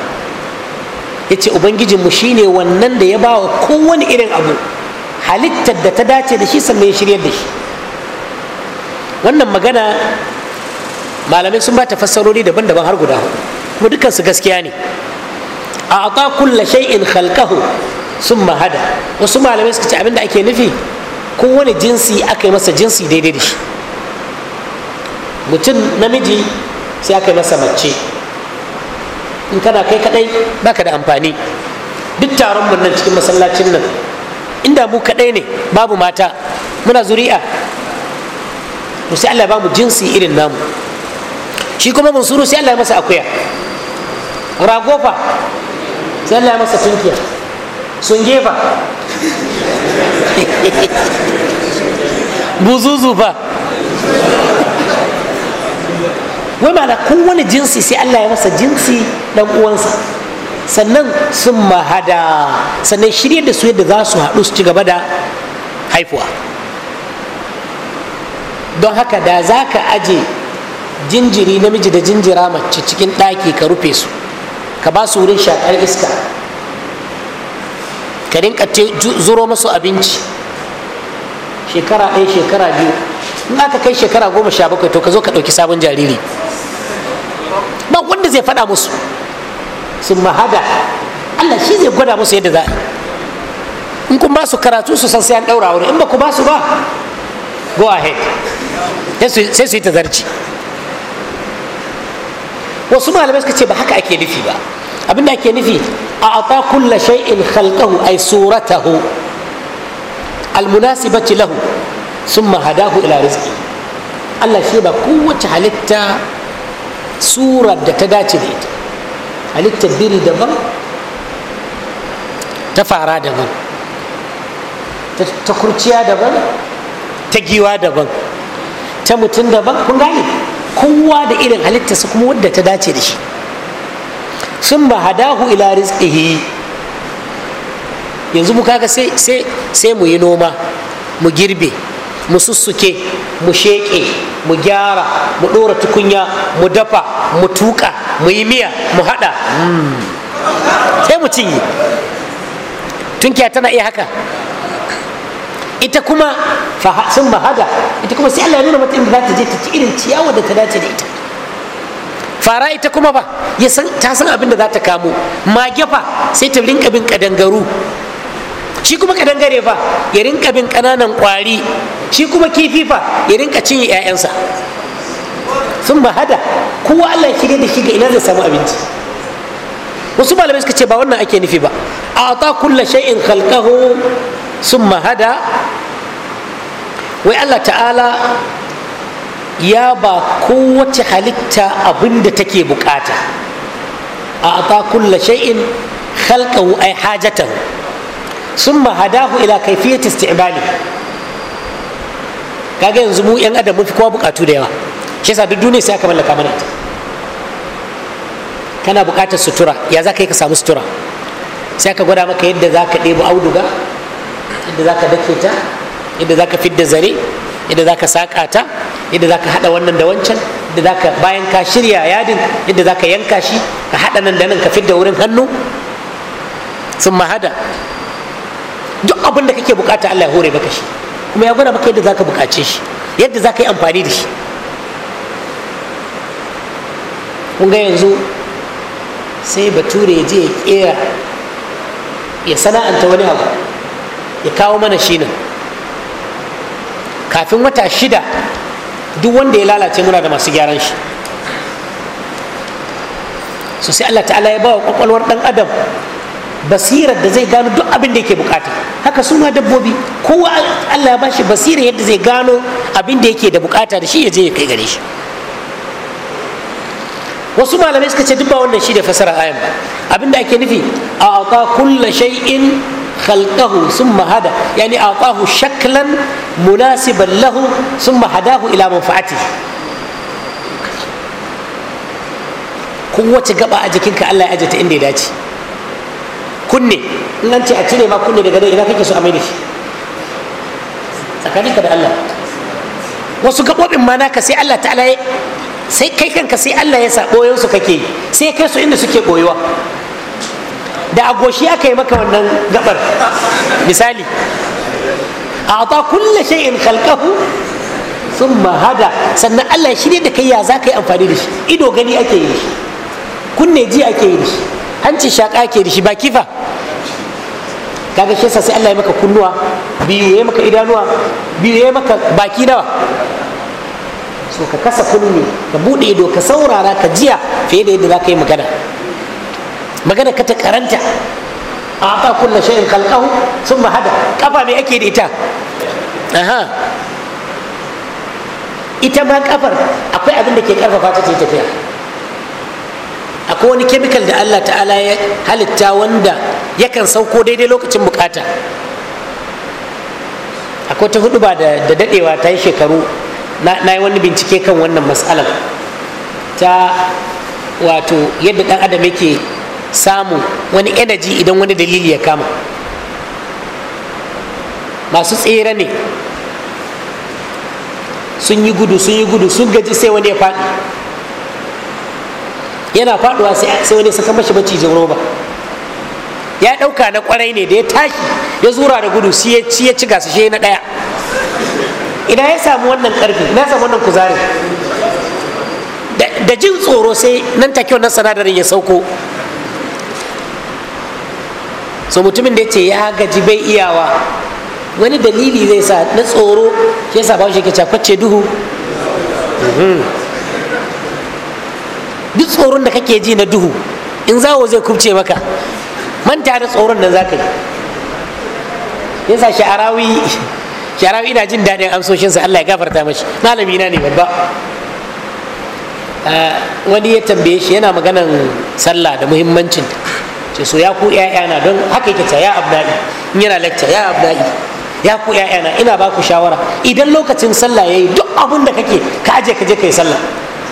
yace ubangijin mu shine wannan da ya bawa kowane irin abu halittar da ta dace da shi sannan ya shiryar da shi wannan magana malamai sun ba ta fassarori daban-daban har guda hudu kuma dukkan su gaskiya ne a ata kulla shay'in khalqahu summa mahada wasu malamai suka ce abinda ake nufi ko wani jinsi aka yi masa jinsi daidai da shi mutum namiji sai aka yi masa mace in kana kai kadai baka da amfani duk taron mun nan cikin masallacin nan inda mu kadai ne babu mata muna zuri'a to sai Allah ba mu jinsi irin namu shi kuma munsuru sai Allah ya masa akuya ragofa sai Allah ya masa tunkiya sungefa buzuzu fa wai da kowane jinsi sai Allah ya masa jinsi dan uwansa sannan sun mahada sannan shirya da su yadda za su haɗu su ci gaba da haifuwa don haka da za ka aje jinjiri namiji da jinjira mace cikin ɗaki ka rufe su ka ba su wurin shakar iska ka rinka zuro masu abinci shekara ɗaya shekara biyu in aka kai shekara goma sha bakwai to ka zo ka ɗauki sabon jariri ba wanda zai faɗa musu sun mahada allah shi zai gwada musu yadda za a in kun ba su karatu su san sai an ɗaura wuri in ba ku ba su ba go ahead sai su yi tazarci wasu malamai suka ce ba haka ake nufi ba abinda ake nufi a ata kulla shay'in khalqahu ay suratahu almunasibati lahu summa hadahu ila rizqi Allah shi ba kowace halitta surar da ta dace da ita halittar biri daban ta fara daban ta kurciya daban ta giwa daban ta mutum daban kun gane kowa da irin halittarsa kuma wadda ta dace da shi sun ba hadahu ila rizqihi yanzu mu kaga sai sai mu yi noma mu girbe mu sussuke mu sheƙe mu gyara mu ɗora tukunya mu dafa mu tuƙa mu yi miya mu haɗa mm. sai mu cinye tunkiya tana iya haka ita kuma sun mahada ita kuma sai Allah ya nuna mata inda za ta je ta ci irin ciyawa da ta dace da ita fara ita kuma ba ya san ta san abin da za ta kamo mage fa sai ta rinka bin kadangaru shi kuma kadangare fa ya rinka bin kananan kwari shi kuma kifi fa ya rinka cinye 'ƴaƴansa, sun mahada kowa Allah ya shirya da shi ga ina zai samu abinci wasu malamai suka ce ba wannan ake nufi ba a ta kulla shay'in khalqahu summa hada wai allah ta'ala ya ba kowace halitta abin da take bukata a ata kulla shay'in khalqahu ay hajatan summa hadahu ila kayfiyati isti'bali kaga yanzu mu yan adam mun fi kowa bukatu da yawa shi yasa duk duniya sai aka mallaka mana kana bukatar sutura ya za ka yi ka samu sutura sai aka gwada maka yadda za ka ɗebo auduga yadda za ka dake ta yadda za ka fidda zare yadda za ka saƙa ta yadda za ka haɗa wannan da wancan yadda za ka bayan ka shirya yadin yadda za ka yanka shi ka haɗa nan da nan ka fidda wurin hannu sun mahada duk abin da kake bukata Allah ya hore maka shi kuma ya gwada maka yadda za ka bukace shi yadda za ka yi amfani da shi kun ga yanzu sai bature ya je ya kera ya sana'anta wani abu ya kawo mana shi nan kafin wata shida duk wanda ya lalace muna da masu gyaran shi so sai Allah ta'ala ya bawa kwakwalwar dan adam basirar da zai gano duk abin da yake bukata haka su ma dabbobi kowa Allah ya bashi basira yadda zai gano abin da yake da bukata da shi ya je ya kai gare shi wasu malamai suka ce duk ba wannan shi da fasara ayan ba abin da ake nufi a aka kulla shay'in خلقه ثم هدى يعني أعطاه شكلا مناسبا له ثم هداه إلى منفعته kowace gaba a jikinka Allah ya aje ta inda ya dace kunne in an ce a cire ma kunne daga nan idan kake so a maida shi tsakaninka da Allah wasu gabobin ma naka sai Allah ta'ala sai kai kanka sai Allah ya sa boyon su kake sai kai su inda suke boyuwa da agoshi aka yi maka wannan gabar misali a'ta kulle shay'in khalqahu sun hada sannan Allah ya shirya da kai ya za ka yi amfani da shi ido gani ake yi shi kunne ji ake yi shi hanci shaka ake yi shi ba kifa kaga shi yasa sai Allah ya maka kunnuwa biyu ya maka idanuwa biyu ya maka baki nawa so ka kasa kunne ka buɗe ido ka saurara ka jiya fiye da yadda za ka yi magana magana ka ta karanta a ta kulla shayin kalkahu sun hada kafa mai ake da ita aha ita ma kafar akwai abin da ke karfafa ta ce tafiya akwai wani kemikal da allah ta'ala ya halitta wanda yakan sauko daidai lokacin bukata akwai ta hudu ba da dadewa ta yi shekaru na yi wani bincike kan wannan matsalar ta wato yadda dan adam yake samun wani energy idan wani dalili ya kama masu tsere ne sun yi gudu sun yi gudu sun gaji sai wani ya faɗi yana faɗuwa sai wani saka mashi macijin roba ya ɗauka na ƙwarai ne da ya tashi ya zura da gudu shi ya ci gasa shi na ɗaya idan ya samu wannan ƙarfi na samu wannan kuzarin da jin tsoro sai nan take wannan sanadarin ya sauko so mutumin da ce ya gaji bai iyawa wani dalili zai sa na tsoro shi sa bawo shi ke cakwace duhu mhm. duk tsoron da kake ji na duhu in zawo zai kubce maka manta da tsoron nan zaka yi yasa sha'arawi sha'arawi ina jin daɗin amsoshinsa Allah ya gafarta mashi malami na ne babba ah, wani ya tambaye shi yana maganan sallah da muhimmancin ce so ya ku na don haka yake ta ya abna'i in yana lecture ya abna'i ya ku na ina baku shawara idan lokacin sallah yayi duk abin da kake ka aje ka je kai sallah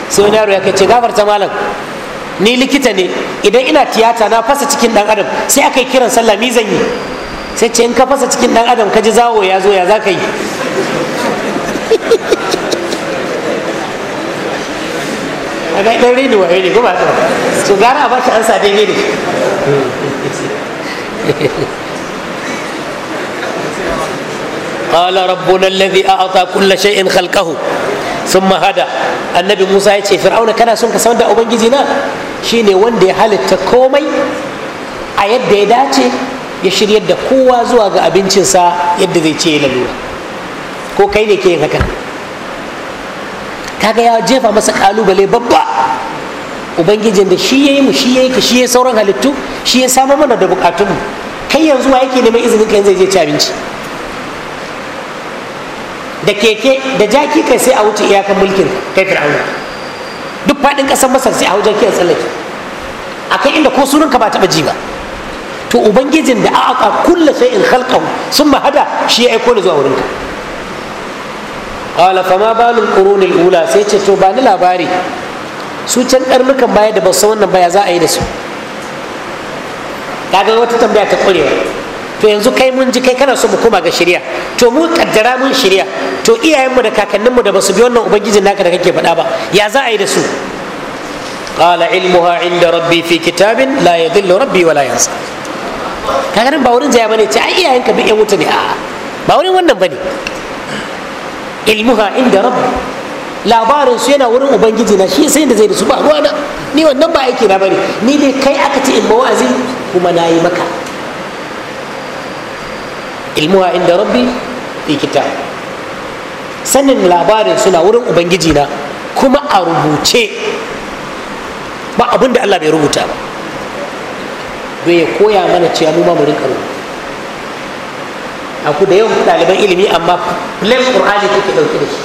sai wani yaro ya ce gafarta malam ni likita ne idan ina tiyata na fasa cikin dan adam sai aka yi kiran sallah mizan zan yi sai ce in ka fasa cikin dan adam ka ji zawo ya zo ya za ka yi kaga dan reni wayo ne ko ba so gara a bashi ansa daidai ne قال ربنا الذي اعطى كل شيء خلقه ثم هدى النبي موسى يتي فرعون كان سنك سند أبن جزينا شيني وندي هل تكومي أيد يداتي يشير يد قوة زواج أبن شنسا يد ذي تشي للورا ko kai ne ke yin hakan kaga ya jefa masa kalubale babba ubangijin da shi yayi mu shi yayi ka shi yayi sauran halittu shi ya samu mana da bukatun mu kai yanzu wa yake neman izinin ka yanzu zai je ci abinci da keke da jaki kai sai a wuce iyakan mulkin kai fir'auna duk fadin kasar masar sai a hau kiyan a tsallake akai inda ko sunan ka ba taba ji ba to ubangijin da kulla sai in khalqahu sun mahada shi ya aiko ni zuwa wurinka qala fama balul qurunil ula sai ce to ba ni labari su can karnukan baya da ba su wannan baya za a yi da su kaga wata tambaya ta kurewa to yanzu kai mun ji kai kana so mu koma ga shirya to mu kaddara mun shirya to iyayenmu da kakanninmu da basu bi wannan ubangiji naka da kake faɗa ba ya za a yi da su qala ilmuha inda rabbi fi kitabin la yadhillu rabbi wa la yansa kaga ba wurin jaya bane ce ai iyayenka bi yan wuta ne a'a ba wurin wannan bane ilmuha inda rabbi labarin su yana wurin ubangiji na shi sai da zai da su ba ruwana ni wannan ba aiki na bane ni dai kai aka ce in wa'azi kuma na yi maka ilmuha inda rabbi fi kitab sanin labarin suna wurin ubangiji na kuma a rubuce ba abin da Allah bai rubuta ba bai koya mana cewa mu ma mu rinka rubuta aku da yawan ɗaliban ilimi amma plan qur'ani kuke dauke da shi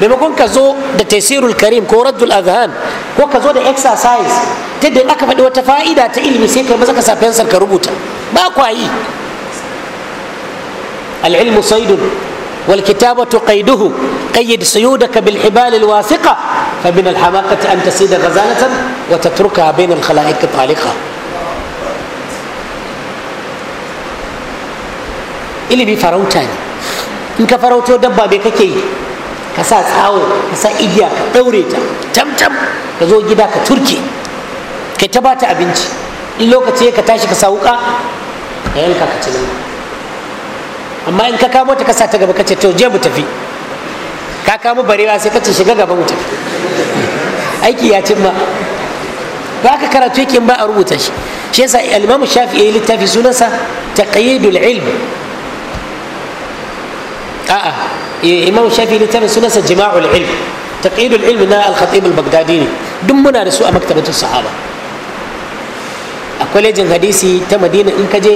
maimakon ka zo da tasirul karim ko raddul adhan ko ka zo da exercise ta da aka faɗi wata fa'ida ta ilimi sai kai maza safiyan sar ka rubuta ba kwa yi al'ilmu saidun wal kitabatu qaiduhu qayyid suyudaka bil hibal al wasiqa fa min al hamaqati an tasida ghazalatan wa tatrukaha bayna al khala'iq taliqa ilimi farauta ne in ka farauto dabba me kake yi ka sa tsawo ka sa igiya ka ɗaure ta tamtam ka zo gida ka turke ka ta bata abinci in lokaci ka tashi ka sa wuka ka yanka ka ci nama amma in ka kamo ta ka sa ta gaba ka ce to je mu tafi ka kamo barewa sai ka ce shiga gaba mu tafi aiki ya cimma ba ka karatu yake ba a rubuta shi shi yasa al-imam shafi'i littafi sunansa taqyidul ilm a'a eh, imam shafi littafin sunansa jima'ul ilm taqidul ilm na al-khatib al-baghdadi ne duk muna da su a maktabatun sahaba a kwalejin hadisi ta madina in ka je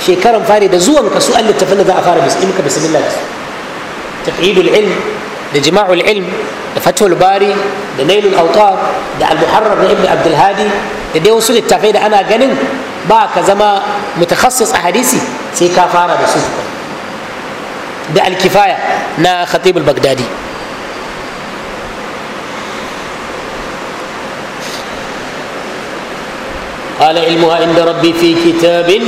shekaran fari da zuwan ka su an littafin da za a fara in ka bismillah da su taqidul ilm da jima'ul ilm da fatul bari da nailul autar da al-muharrar na ibn Abdulhadi da dai wasu littafai da ana ganin ba ka zama mutakhassas a hadisi sai ka fara da su da alkifaya na khatib al-baghdadi qala ilmuha inda rabbi fi kitabin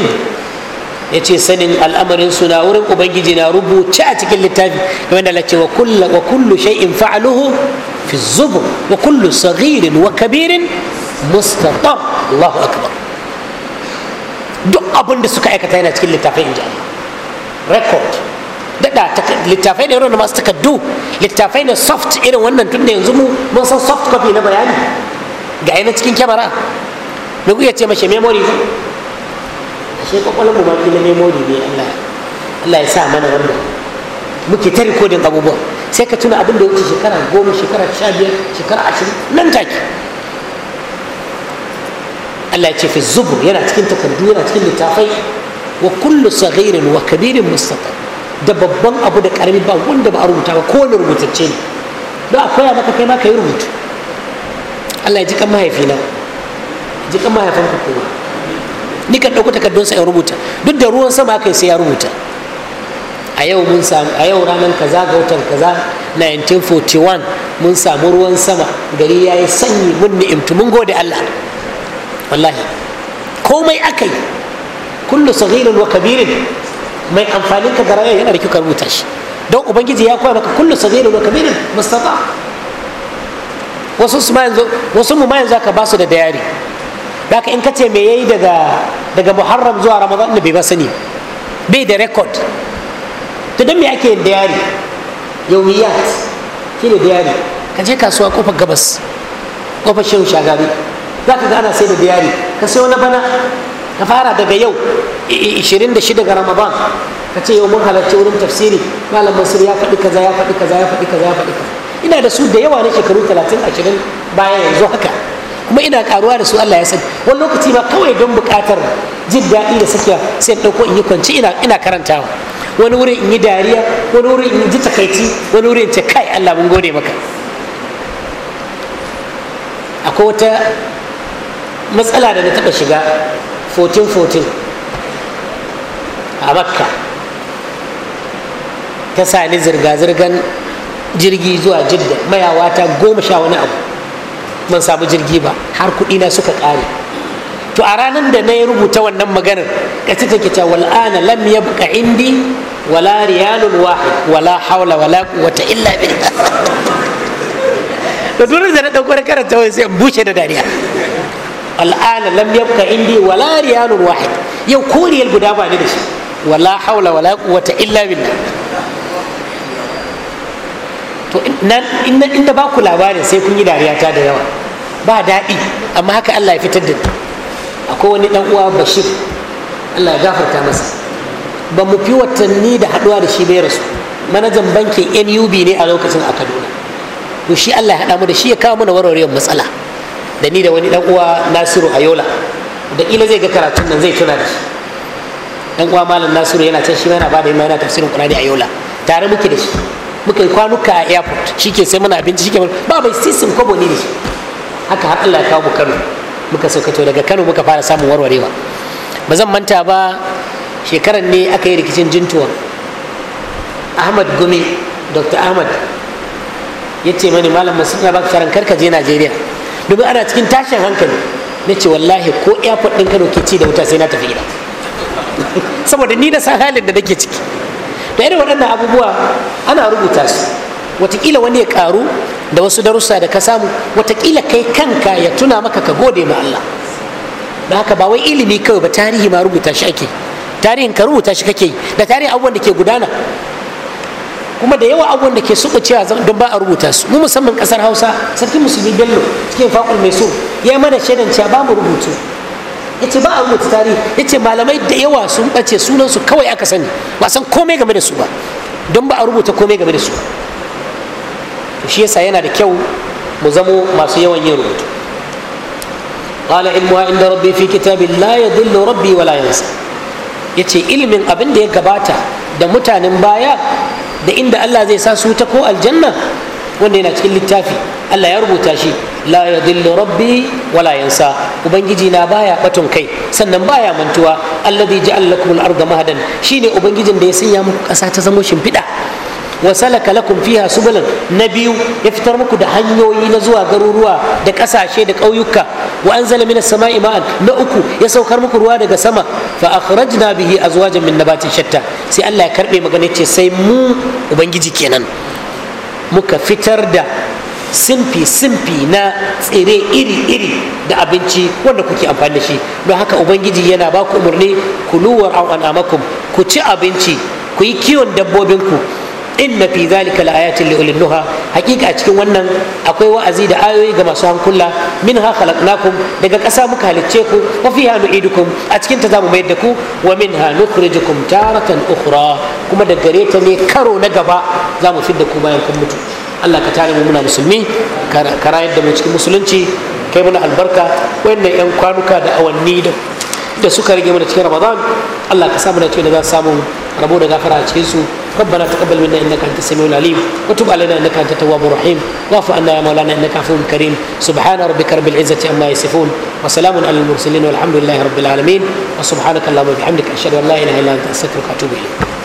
yace sanin al'amarin su na wurin ubangiji na rubuce a cikin littafi kamar da lace wa kullu shay'in fa'aluhu fi zubur wa kullu saghirin wa kabirin Allahu akbar duk abin da suka aikata yana cikin littafin record daɗa littafai ne irin masu takaddu littafai ne soft irin wannan tun da yanzu mu mun san soft copy na bayani ga yana cikin kyamara me kuke ce mashi memory ne ashe kwakwalwar mu baki na memory ne Allah Allah ya sa mana wannan muke ta rikodin abubuwan sai ka tuna abin da wuce shekara goma shekara sha biyar shekara ashirin nan take Allah ya ce fi zubur yana cikin takardu yana cikin littafai wa kullu saghirin wa kabirin mustaqim da babban abu da karami ba wanda ba a rubuta ba kowane rubutacce ne don a koya maka kai ma ka yi rubutu allah ya ji kan mahaifina ji kan mahaifanku kowa ni kan ɗauko takardunsa in rubuta duk da ruwan sama kai sai ya rubuta a yau mun samu a yau ranar kaza ga watan kaza 1941 mun samu ruwan sama gari ya yi sanyi mun ni'imtu mun gode allah wallahi komai aka yi kullu saghirin wa kabirin mai amfanin ka da raya yana da kyau ka rubuta shi don ubangiji ya koya maka kullu sagirin wa kabirin mustafa wasu su ma yanzu wasu mu ma yanzu aka ba su da dayari da in ka ce me yayi daga daga muharram zuwa ramadan bai ba sani bai da record to don me ake yin dayari yawiyat shine dayari ka je kasuwa kofar gabas kofar shehu shagari za ka ga ana sai da dayari ka sayo na bana ka fara daga yau 26 ga ramadan ka ce yau mun halarci wurin tafsiri malam masir ya faɗi kaza ya faɗi kaza ya faɗi kaza ya faɗi kaza ina da su da yawa na shekaru 30 ashirin bayan yanzu haka kuma ina karuwa da su Allah ya sani wani lokaci ma kawai don buƙatar jin daɗi da sakiya sai in ɗauko in yi kwanci ina ina karantawa wani wurin in yi dariya wani wurin in ji takaici wani wurin in ce kai Allah mun gode maka akwai wata matsala da na taɓa shiga 1414 a makka ta sani zirga-zirgan jirgi zuwa jidda mayawa ta goma sha wani abu ban samu jirgi ba har na suka ƙare to a ranar da na yi rubuta wannan maganar ƙasa take ta wal'ana lam ya buka indi wala riyalun wahid wala haula wala quwwata illa billah da dole da na karanta karanta sai in bushe da dariya al'ana lam yabqa indi wala riyalun wahid yau koriyar guda ba ni da shi wala haula wala quwwata illa billah to inda ba ku labarin sai kun yi dariya ta da yawa ba daɗi amma haka Allah ya fitar da ni akwai wani dan uwa Bashir Allah ya gafarta masa ba mu fi watanni da haɗuwa da shi bai rasu manajan bankin NUB ne a lokacin a Kaduna to shi Allah ya haɗa mu da shi ya kawo mana warwarewar matsala da ni da wani dan uwa nasiru ayola da ila zai ga karatun nan zai tuna da shi dan uwa malam nasiru yana can shi yana ba da yana tafsirin qur'ani yola tare muke da shi muka yi kwanuka a airport shike sai muna abinci shike ba mai sisin kwabo ne shi haka har Allah ya kawo mu Kano muka saukato daga Kano muka fara samun warwarewa ba zan manta ba shekaran ne aka yi rikicin jintuwa Ahmad Gumi Dr. Ahmad ya ce mani malam masu na baka sharan karka je Najeriya domin ana cikin tashin hankali na ce wallahi ko airport ɗin kano ke ci da wuta sai na tafi gida saboda ni na san halin da nake ciki da irin waɗannan abubuwa ana rubuta su watakila wani ya karu da wasu darussa da ka samu watakila kai kanka ya tuna maka ka gode ma Allah da haka ba wai ilimi kawai ba tarihi ma rubuta shi ake tarihin ka rubuta shi kake da tarihin abubuwan da ke gudana kuma da yawa abubuwan da ke suka cewa don ba a rubuta su mu musamman kasar hausa sarki musulmi bello cikin fakul mai so ya mana shaidan cewa mu rubutu ya ce ba a rubuta tarihi ya ce malamai da yawa sun ɓace sunansu kawai aka sani ba san komai game da su ba don ba a rubuta komai game da su ba shi yasa yana da kyau mu zamo masu yawan yin rubutu قال علمها عند ربي في كتاب لا يضل ربي ولا ينسى yace ilimin abin da ya gabata da mutanen baya da inda Allah zai sa su ta ko aljanna wanda yana cikin littafi Allah ya rubuta shi la yadillu rabbi wala yansa ubangiji na baya batun kai sannan baya mantuwa alladhi ja'al lakum al-ardha mahadan shine ubangijin da ya sanya muku kasa ta zama shimfiɗa wa salaka lakum fiha subulan na biyu ya fitar muku da hanyoyi na zuwa garuruwa da kasashe da ƙauyuka wa anzala minas sama'i ma'an na uku ya saukar muku ruwa daga sama fa akhrajna bihi azwajan min nabatin shatta sai Allah ya karbe magana ce sai mu ubangiji kenan muka fitar da simfi-simfi na tsire iri-iri da abinci wanda kuke amfani da shi don haka ubangiji yana ba ku umarni kuluwar luwar maku ku ci abinci ku yi kiwon dabbobinku inna fi zalika ayatin li ulil nuha hakika a cikin wannan akwai wa'azi da ayoyi ga masu hankula minha khalaqnakum daga ƙasa muka halicce ku wa fiha nu'idukum a cikin ta zamu mayar da ku wa minha nukhrijukum taratan ukhra kuma da gare ta ne karo na gaba zamu fidda ku bayan kun mutu Allah ka tare mu muna musulmi ka rayar da mu cikin musulunci kai mana albarka wayannan yan kwanuka da awanni da da suka rage mana cikin Ramadan Allah ka sa mana cikin da za samu rabo da gafara a cikin su ربنا تقبل منا انك انت السميع العليم وتب علينا انك انت التواب الرحيم واعف عنا يا مولانا انك عفو كريم سبحان ربك رب العزه عما يصفون وسلام على المرسلين والحمد لله رب العالمين وسبحانك اللهم وبحمدك اشهد ان لا اله الا انت استغفرك واتوب اليك